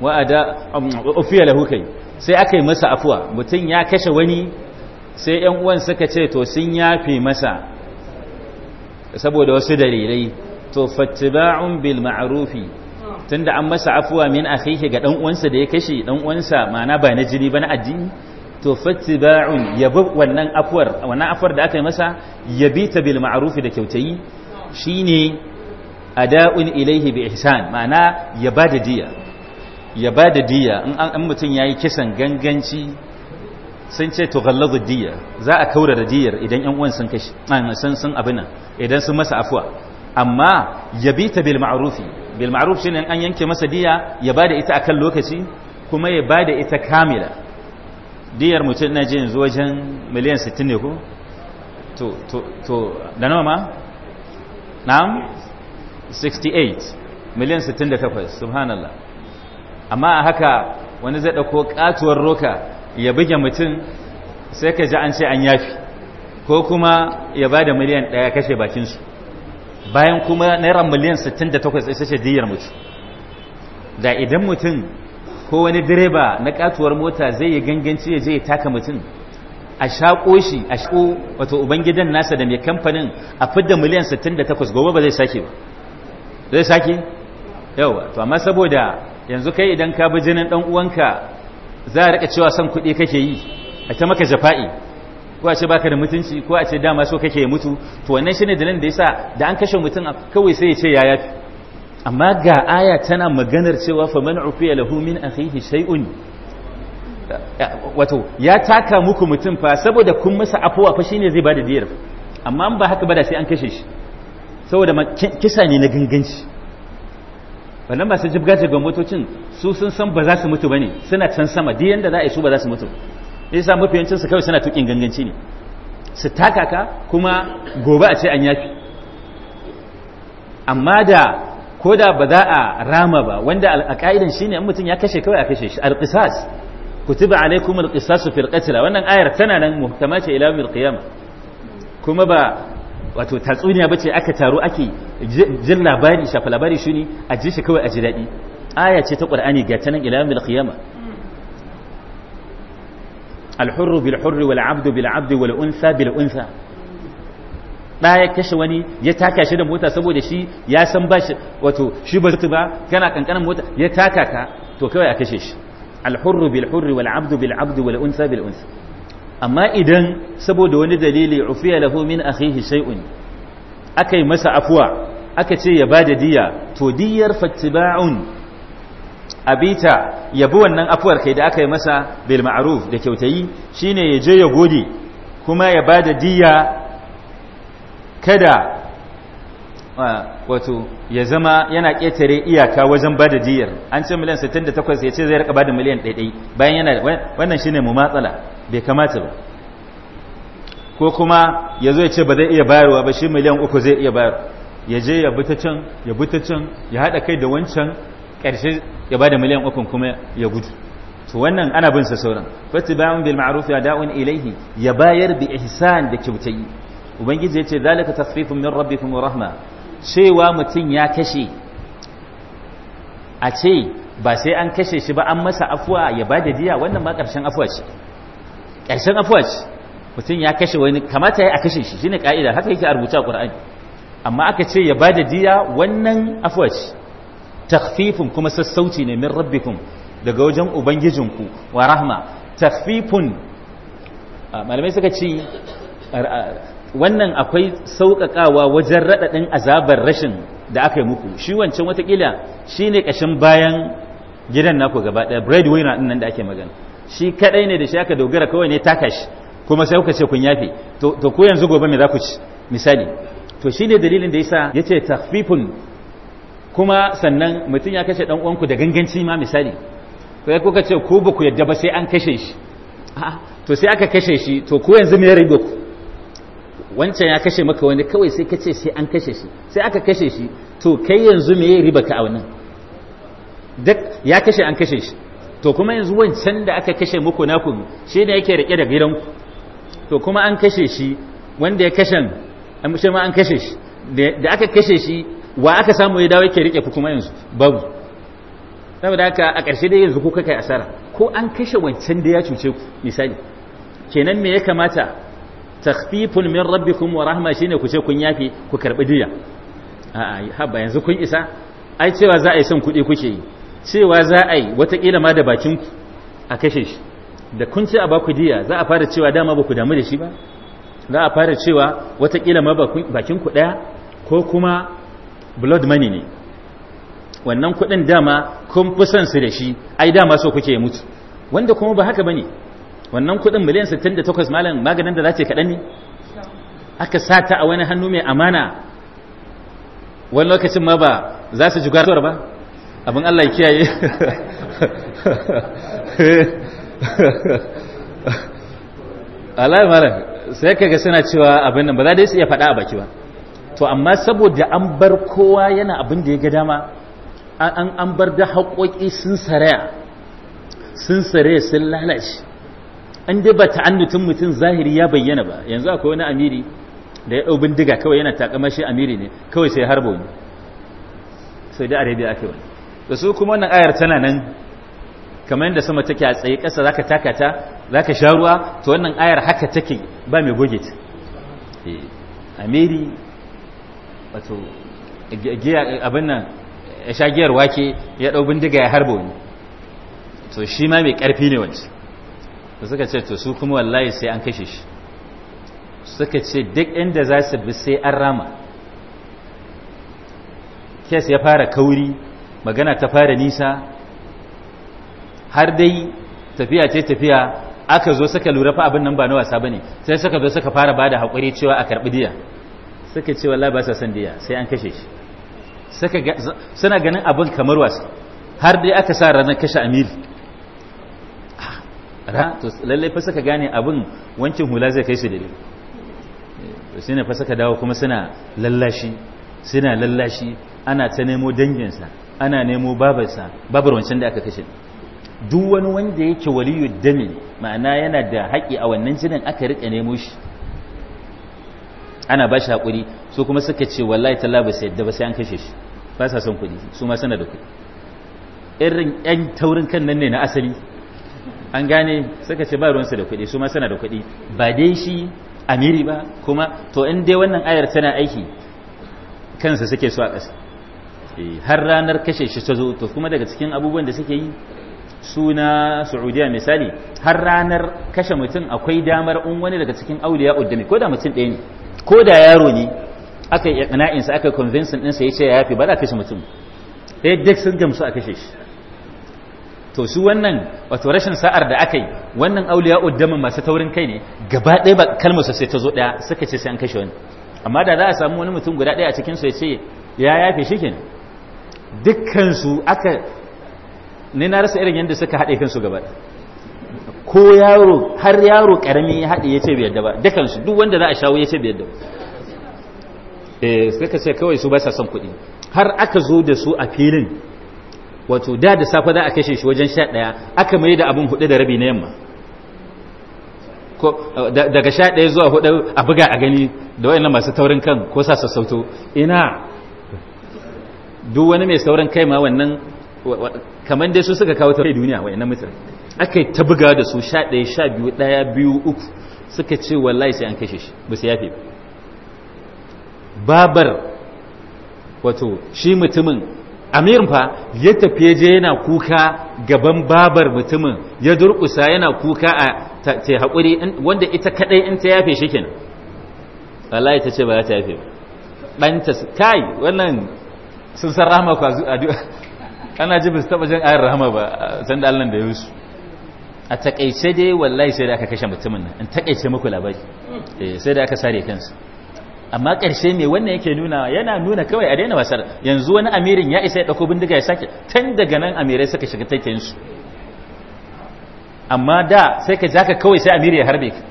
wa'ada ofiya um, lahu kai sai aka yi masa afuwa mutum ya kashe wani sai yan uwan suka ce to sun yafe masa saboda wasu dalilai to fattiba'un bil ma'rufi tunda an masa afuwa min akhihi ga dan uwansa da ya kashe dan uwansa ma'ana ba na jini ba na addini to fattiba'un yabi wannan afuwar wannan afuwar da aka yi masa yabi ta bil ma'rufi da kyautayi shine ada'un ilaihi bi ihsan ma'ana ya bada diya ya ba da diya in mutum ya yi kisan ganganci sun ce to gallazu diya za a kaura da diyar idan yan uwan sun kashi sun sun abina idan sun masa afuwa amma ya bi ta bil ma'rufi bil ma'ruf shine an yanke masa diya ya ba da ita akan lokaci kuma ya ba da ita kamila diyar mutum na je yanzu wajen miliyan 60 ne ko to to to da nawa ma na'am 68 miliyan 68 subhanallah amma a haka wani zai ɗauko ƙatuwar roka ya buge mutum sai ka ji an ce an yafi ko kuma ya ba da miliyan ɗaya kashe bakinsu bayan kuma naira miliyan 68 sai sace diyar mutum da idan mutum ko wani direba na ƙatuwar mota zai yi ganganci ya je ya taka mutum a shaƙo shi a shaƙo wato ubangidan nasa da mai kamfanin a fidda miliyan 68 gobe ba zai sake ba zai sake ba to amma saboda yanzu kai idan ka bi jinin dan uwanka za a rika cewa san kuɗi kake yi a ta maka jafa'i ko a ce baka da mutunci ko a ce dama so kake mutu to wannan shine dalilin da yasa da an kashe mutum kawai sai ya ce ya yafi amma ga aya tana maganar cewa fa man ufiya lahu min akhihi shay'un wato ya taka muku mutum fa saboda kun masa afuwa fa shine zai bada diyar amma ba haka ba da sai an kashe shi saboda kisa ne na ganganci wannan ba masu jibga jibgan motocin su sun san ba za su mutu ba ne suna can sama duk yanda za a yi su ba za su mutu sa mafi yancinsu kawai suna tukin ganganci ne su taka ka kuma gobe a ce an yafi amma da ko da ba za a rama ba wanda a ka'idan shi ne in mutum ya kashe kawai a kashe shi alqisas kutiba alaikum alqisas su firƙatila wannan ayar tana nan muhkama ce ila yawmil kuma ba wato tatsuniya bace aka taru ake jin labari shafa labari shi ne a ji shi kawai a ji daɗi aya ce ta ƙwar'ani ga ta nan ilayen bil qiyama alhurru bil hurri wal abdu bil abdi wal unsa bil unsa ɗaya kashe wani ya taka shi da mota saboda shi ya san ba shi wato shi ba ba kana kankanin mota ya taka ka to kawai a kashe shi alhurru bil hurri wal abdu bil abdi wal unsa bil unsa amma idan saboda wani dalili ufiya lahu min akhihi shay'un akai masa afuwa aka ce ya bada diya to diyar fattiba'un abita yabi wannan afuwar kai da aka masa bil ma'ruf da kyautayi shine ya je ya gode kuma ya bada diya kada wato ya zama yana ƙetare iyaka wajen ba da diyar an ce miliyan 68 ya ce zai rika ba da miliyan 11 bayan yana wannan shine mu matsala bai kamata ba ko kuma ya zo ya ce ba zai iya bayarwa ba shi miliyan uku zai iya bayar ya je ya bi can ya bi can ya haɗa kai da wancan ƙarshe ya ba da miliyan ukun kuma ya gudu to wannan ana bin sa sauran fatiba'un bil ma'ruf ya da'un ilaihi ya bayar bi ihsan da kyautayi ubangiji ya ce zalika tasrifun min rabbikum wa rahma cewa mutum ya kashe a ce ba sai an kashe shi ba an masa afuwa ya ba da diya wannan ma ƙarshen afuwa ce ƙarshen afuwa ce mutum ya kashe wani kamata ya a kashe shi shine ka'ida haka yake a rubuta qur'ani amma aka ce ya bada diya wannan afuwa ce takhfifun kuma sassauci ne min rabbikum daga wajen ubangijinku wa rahma takfifin malamai suka ce wannan akwai sauƙaƙawa wajen raɗaɗin azabar rashin da aka yi muku shi wancan watakila shi ne ƙashin bayan gidan naku gaba ɗaya breadwinner ɗin nan da ake magana shi kadai ne da shi aka dogara kawai ne taka shi kuma sai kuka ce kun yafe to ko yanzu gobe me za ku ci misali to shine dalilin da yasa yace takhfifun kuma sannan mutum ya kashe dan uwanku da ganganci ma misali to ya kuka ce ko ba ku yadda ba sai an kashe shi to sai aka kashe shi to ko yanzu me rage ku wancan ya kashe maka wani kawai sai ka ce sai an kashe shi sai aka kashe shi to kai yanzu me riba ka a wannan duk ya kashe an kashe shi to kuma yanzu wancan da aka kashe muku naku shi ne yake rike da gidanku to kuma an kashe shi wanda ya kashen shi ma an kashe shi da aka kashe shi wa aka samu ya dawo yake rike ku kuma yanzu babu saboda haka a ƙarshe dai yanzu ku kai asara ko an kashe wancan da ya cuce ku misali kenan me ya kamata takhfifun min rabbikum wa rahma shine ku ce kun yafi ku karbi diya a'a haba yanzu kun isa ai cewa za a yi son kuɗi kuke yi cewa za a yi watakila ma da bakinku a kashe shi da kun ce a baku diya za a fara cewa dama ba ku damu da shi ba za a fara cewa watakila ma bakinku ɗaya ko kuma blood money ne wannan kuɗin dama kun fi son su da shi ai dama so kuke mutu wanda kuma ba haka bane wannan kuɗin miliyan 68 malam maganin da za ce kaɗan ne aka sata a wani hannu mai amana wani lokacin ma ba za su jugar ba abin Allah ya kiyaye Allah malam sai kaga suna cewa abin nan ba za da su iya faɗa a baki ba to amma saboda an bar kowa yana abin da ya ga dama an an bar da haƙoƙi sun saraya sun sare sun lalace an dai ba ta'annutin mutum zahiri ya bayyana ba yanzu akwai wani amiri da ya ɗau bindiga kawai yana takamar shi amiri ne kawai sai harbo ne da arabia ake wani da su kuma wannan ayar tana nan kamar yadda sama take a tsaye ƙasa zaka taka ta zaka sha ruwa to wannan ayar haka take ba mai goge ta eh, a meri wato abin nan ya sha giyar wake ya ɗau bindiga ya harba wani to shi ma mai ƙarfi ne wancan da suka ce to su kuma wallahi sai an kashe shi suka ce duk inda za su bi sai an rama kes ya fara kauri magana ta fara nisa har dai tafiya ce tafiya aka zo suka lura fa abin nan ba na wasa bane sai suka zo suka fara bada hakuri cewa a karbi diya suka ce wallahi ba sa son diya sai an kashe shi suka suna ganin abin kamar wasa har dai aka sa ranar kashe amir ah, ra to lallai fa suka gane abin wankin hula zai kai su dare eh, to sai ne fa suka dawo kuma suna lallashi suna lallashi ana ta nemo danginsa ana nemo babarsa babar wancan da aka kashe duk wani wanda yake waliyu dami ma'ana yana da haƙi a wannan jinin aka rika nemo shi ana ba shi haƙuri su kuma suka ce wallahi talla ba sai da ba sai an kashe shi ba sa son kuɗi su ma suna da kuɗi irin ɗan taurin kan nan ne na asali an gane suka ce ba ruwansa da kuɗi su ma suna da kuɗi ba dai shi amiri ba kuma to in dai wannan ayar tana aiki kansa suke so a ƙasa Eh, har ranar kashe shi ta zo to kuma daga cikin abubuwan da suke yi suna saudiya misali har ranar kashe mutum akwai damar in wani daga cikin auliya uddami ko da mutum ɗaya ne ko da yaro ne aka yi ƙana'insa aka yi convincing ɗinsa ya ce ya yafi ba za a kashe mutum sai eh, duk sun gamsu a kashe shi to su wannan wato rashin sa'ar da aka yi wannan auliya uddami masu taurin kai ne gaba ɗaya ba kalmarsa sai ta zo ɗaya suka ce sai an kashe wani amma da za a samu wani mutum guda ɗaya a cikin su ya ce ya yafe shi kenan dukkansu aka ne na rasa irin yadda suka haɗe kansu gaba ko yaro har yaro ƙarami ya haɗe ya ce bai yadda ba dukkansu duk wanda za a shawo ya ce bai yadda ba eh suka ce kawai su ba sa son kuɗi har aka zo da su a filin wato da da safe za a kashe shi wajen sha ɗaya aka mai da abin hudu da rabi na yamma daga sha ɗaya zuwa hudu a buga a gani da wayannan masu taurin kan ko sa sassauto ina duk wani mai sauran kai ma wannan kamar dai su suka kawo ta duniya wayannan mutane aka yi ta buga da su sha ɗaya sha biyu ɗaya biyu uku suka ce wallahi sai an kashe shi ba su yafe babar wato shi mutumin amirin fa ya tafi je yana kuka gaban babar mutumin ya durkusa yana kuka a ta haƙuri wanda ita kaɗai in ta yafe shi kenan wallahi ta ce ba za ta yafe ba ɗanta kai wannan sun san rahama ku ana ji ba su taba jin ayar rahama ba san da allan da yusu a takaice dai wallahi sai da aka kashe mutumin nan in takaice muku labari eh, sai da aka sare kansa amma ƙarshe me wannan yake nuna yana nuna kawai a daina wasar yanzu wani amirin ya isa ya dauko bindiga ya sake tun daga nan amirai suka shiga taitayensu amma da sai ka jaka kawai sai amiri ya harbe ka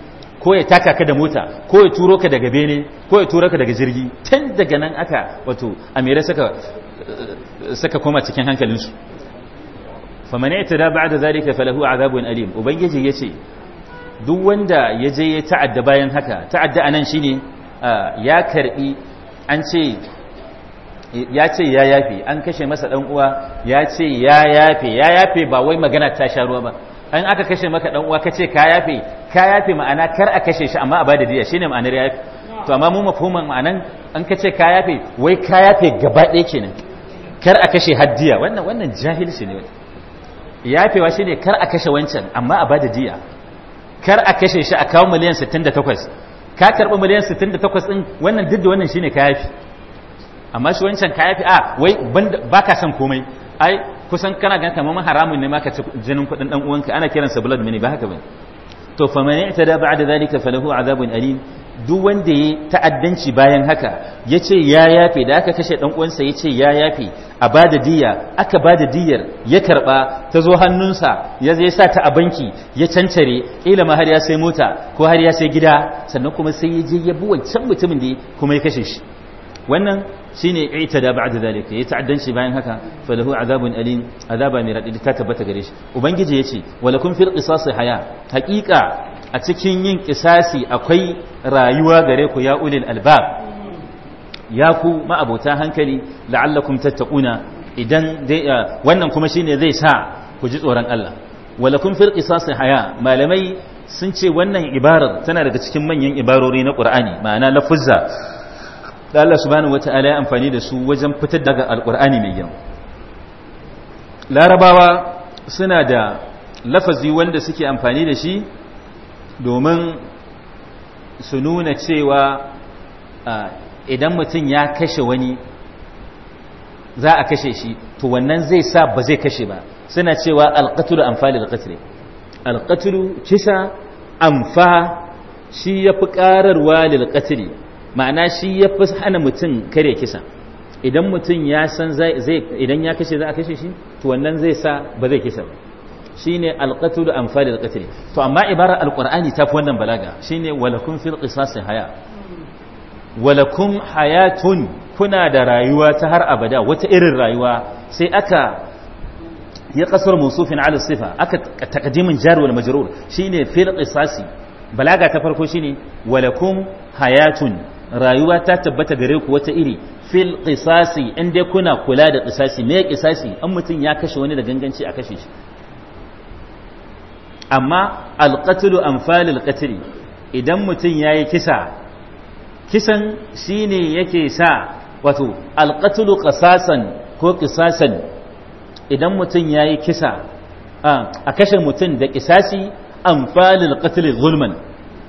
ko ya taka ka da mota ko ya turo ka daga bene ko ya turo ka daga jirgi tun daga nan aka wato amirai saka saka koma cikin hankalin su. Fa tada ba da zalika falahu azabun alim ubangiji ya ce duk wanda ya je ya ta'adda bayan haka ta'adda anan shine ah, ya karbi an ce ya ce ya yafe an kashe masa dan uwa ya ce ya yafe ya yafe ba wai magana ta sha ruwa ba an aka kashe maka dan uwa kace ka yafe ka yafe ma'ana kar a kashe shi amma a bada diya shine ma'anar yafe to amma mu mafhuman ma'anan an kace ka yafe wai ka yafe gaba ɗaya kenan kar a kashe haddiya wannan wannan jahilci ne yafewa shine kar a kashe wancan amma a bada diya kar a kashe shi a kawo miliyan 68 ka karɓi miliyan 68 din wannan duk da wannan shine ka yafe amma shi wancan ka yafe a wai baka son komai ai kusan kana ganin kamar haramun ne ma ka ci jinin kuɗin ɗan uwanka ana kiransa blood money ba haka ba to fa man i'tada ba'da zalika falahu azabun alim duk wanda ya ta'addanci bayan haka ya ce ya yafe da aka kashe ɗan uwansa ya ce ya yafe a bada diya aka bada diyar ya karɓa ta zo hannunsa ya zai sa ta a banki ya cancare ƙila ma har ya sai mota ko har ya sai gida sannan kuma sai ya je ya bi wancan mutumin da kuma ya kashe shi wannan shine i'tada ba'da zalika ya ta'addanci bayan haka falahu azabun alim azaba mai radadi ta tabbata gare shi ubangiji yace walakum fil qisasi haya haqiqa a cikin yin qisasi akwai rayuwa gare ku ya ulil albab ya ku ma'abota hankali la'allakum tattaquna idan wannan kuma shine zai sa ku ji tsoron Allah walakum fil qisasi haya malamai sun ce wannan ibarar tana daga cikin manyan ibarori na Qur'ani ma'ana lafuzza da Allah subhanahu wata'ala ya amfani da su wajen fitar daga alkur'ani mai girma larabawa suna da lafazi wanda suke amfani da shi domin su nuna cewa idan mutum ya kashe wani za a kashe shi to wannan zai sa ba zai kashe ba suna cewa alƙatulu da alƙatule alƙatulu kisa amfa shi ya fi ƙararwa lilƙatule ma'ana shi ya fi hana mutum kare kisa idan mutum ya san zai idan ya kashe za a kashe shi to wannan zai sa ba zai kisa ba shine alqatlu amfal alqatl to amma ibara alqur'ani ta fi wannan balaga shine walakum fil qisas haya walakum hayatun kuna da rayuwa ta har abada wata irin rayuwa sai aka ya kasar musufin ala sifa aka takadimin jar wal majrur shine fil qisasi balaga ta farko shine walakum hayatun rayuwa ta tabbata gare ku wata iri fil qisasi in dai kuna kula da qisasi me qisasi an mutum ya kashe wani da ganganci a kashe shi amma anfal al qatl idan mutum yayi kisa kisan shine yake sa wato qatlu qisasan ko qisasan idan mutum yayi kisa a kashe mutum da qisasi al qatl zulman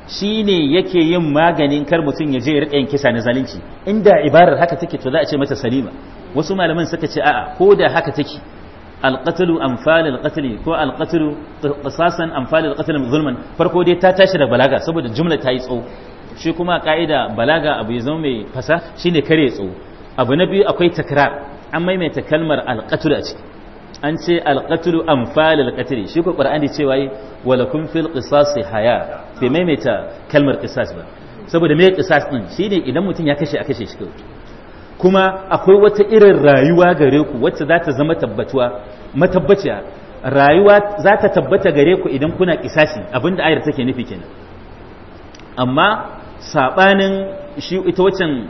Shi ne yake yin maganin kar mutum ya je ya rika kisa na zalunci inda ibarar haka take to za a ce mata salima wasu malaman suka ce a'a ko da haka take alqatlu amfal alqatl ko alqatlu qisasan amfal alqatl zulman farko dai ta tashi da balaga saboda jumla ta yi tsawo shi kuma ka'ida balaga abu ya zama mai fasa shine kare tsawo abu na biyu akwai takrar an maimaita kalmar alqatlu a ciki an ce alƙatulu fali alƙatiri shi ko da cewa yi walakun fil ƙisasi haya fi maimaita kalmar ƙisas ba saboda mai ƙisas ɗin shi ne idan mutum ya kashe a kashe shi kawai kuma akwai wata irin rayuwa gare ku wacce za ta zama tabbatuwa matabbaciya rayuwa za ta tabbata gare ku idan kuna ƙisasi da ayar take nufi kenan amma saɓanin shi ita waccan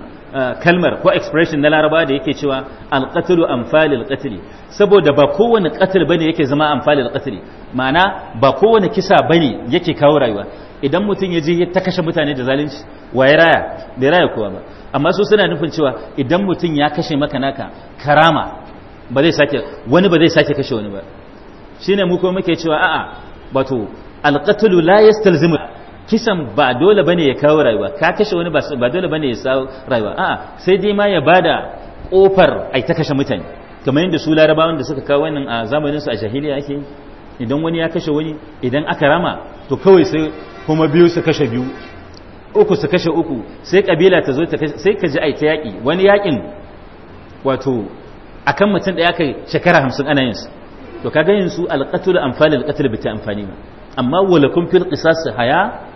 kalmar ko expression na laraba da yake cewa alqatlu amfali qatli saboda ba kowane qatl bane yake zama amfali qatli ma'ana ba kowane kisa bane yake kawo rayuwa idan mutum ya je ta kashe mutane da zalunci waye raya bai raya kowa ba amma su suna nufin cewa idan mutum ya kashe maka naka karama ba zai sake wani ba zai sake kashe wani ba shine mu ko muke cewa a'a wato alqatlu la yastalzimu kisan ba dole bane ya kawo rayuwa ka kashe wani ba dole bane ya kawo rayuwa a'a sai dai ma ya bada kofar ai ta kashe mutane kamar yadda su larabawan da suka kawo wannan a zamanin su a jahiliya ake idan wani ya kashe wani idan aka rama to kawai sai kuma biyu su kashe biyu uku su kashe uku sai kabila ta zo ta kashe sai ka ji ai ta yaki wani yakin wato akan mutum da ya kai shekara hamsin ana yin su to kaga yin su alqatul amfal alqatul bi ta amfani ma amma wala walakum fil qisas haya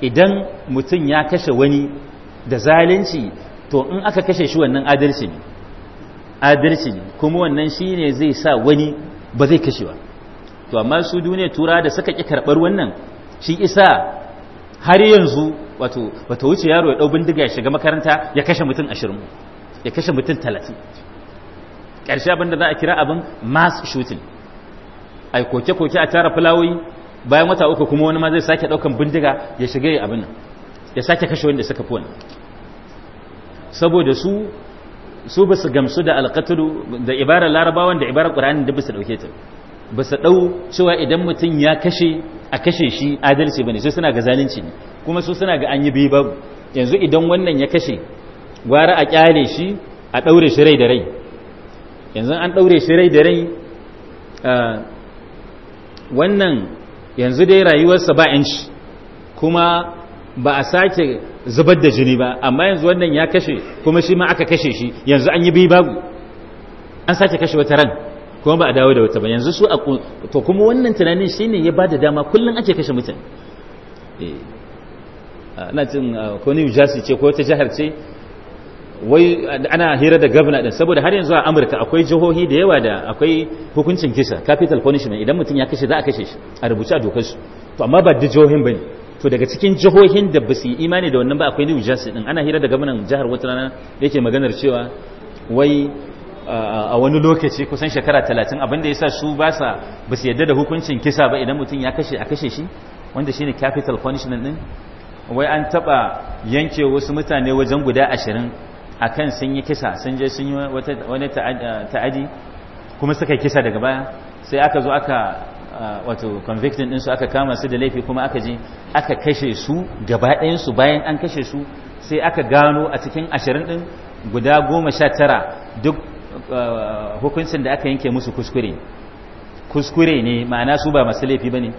idan mutum ya kashe wani da zalunci to in aka kashe shi wannan adalci ne adalci ne kuma wannan shi ne zai sa wani ba zai kashe ba to amma su duniya tura da suka ƙi karɓar wannan shi isa har yanzu wato wata wuce yaro ya ɗau bindiga ya shiga makaranta ya kashe mutum ashirin ya kashe mutum talatin ƙarshe abin za a kira abin mass shooting ai koke-koke a tara fulawoyi bayan wata uku kuma wani ma zai sake daukan bindiga ya shiga ya abin ya sake kashe wanda suka fi wani saboda su su ba su gamsu da alkatulu da ibarar larabawan da ibarar ƙura'anin da ba su ɗauke ta ba su ɗau cewa idan mutum ya kashe a kashe shi adalci ba ne su suna ga zalunci ne kuma su suna ga an yi biyu babu yanzu idan wannan ya kashe gwara a ƙyale shi a ɗaure shi rai da rai yanzu an ɗaure shi rai da rai ah, wannan yanzu dai rayuwarsa ba yanci kuma ba a sake zubar da jini ba amma yanzu wannan ya kashe kuma shi ma aka kashe shi yanzu an yi biyu babu an sake kashe wata ran kuma ba a dawo da wata ba yanzu su a to kuma wannan tunanin shine ya ba da dama kullum ake kashe mutane ana eh, ina cin ko ni jasi ce ko ta jihar ce wai ana hira da gabna din saboda har yanzu a amurka akwai jihohi da yawa da akwai hukuncin kisa capital punishment idan mutum ya kashe za a kashe shi a rubuce a dokar su to amma ba da jihohin bane to daga cikin jihohin da ba su yi imani da wannan ba akwai new jersey din ana hira da gwamnan jihar wata rana yake maganar cewa wai a wani lokaci kusan shekara talatin abinda ya sa su ba sa ba su yadda da hukuncin kisa ba idan mutum ya kashe a kashe shi wanda shine capital punishment din wai an taba yanke wasu mutane wajen guda ashirin akan sun yi kisa sun je sun yi wani eh, ta'adi kuma suka kisa daga baya sai aka zo aka eh, wato convicting ɗinsu aka kama su da laifi kuma aka je aka kashe su gaba ɗayansu bayan an kashe su sai aka gano a cikin ashirin ɗin guda goma sha tara duk eh, hukuncin da aka yanke musu kuskure kuskure ne ma'ana su ba masu laifi ba ne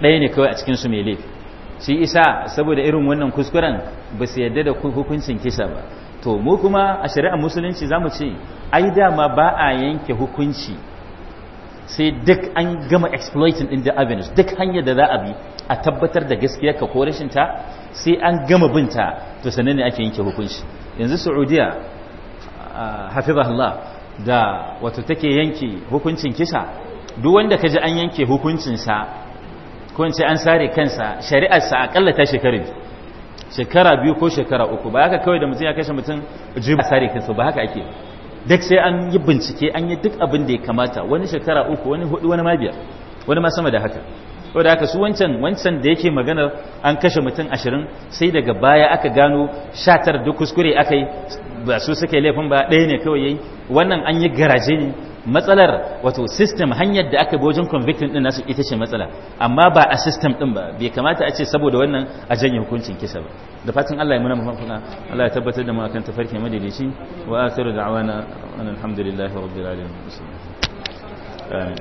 ɗaya ne kawai a su mai laifi shi isa saboda irin wannan kuskuren ba su yadda da hukuncin kisa ba to mu kuma a shari'ar musulunci za mu ce ai dama ba a yanke hukunci sai duk an gama exploiting in the avenues duk hanyar da za a bi a tabbatar da gaskiya ka ko rashin ta sai an gama binta to sannan ne ake yanke hukunci yanzu saudiya hafizahullah da wato take yanke hukuncin kisa duk wanda ka kaji an yanke hukuncinsa ko an sare kansa shari'arsa akalla ta shekaru shekara biyu ko shekara uku ba haka kawai da mutum ya kashe mutum ba sare kinsu ba haka ake duk sai an yi bincike an yi duk abin da ya kamata wani shekara uku wani hudu wani ma biyar wani ma sama da haka saboda haka su wancan wancan da yake maganar an kashe mutum ashirin sai daga baya aka gano shatar duk kuskure aka yi ba su suke laifin ba ɗaya ne kawai yayi wannan an yi garaje ne matsalar wato system hanyar da aka bi wajen convicting din nasu ita ce matsala amma ba a system din ba bai kamata a ce saboda wannan a janye hukuncin kisa ba da fatan Allah ya muna mafafuna Allah ya tabbatar da mu akan tafarki madalici wa akhiru da'wana alhamdulillahi rabbil alamin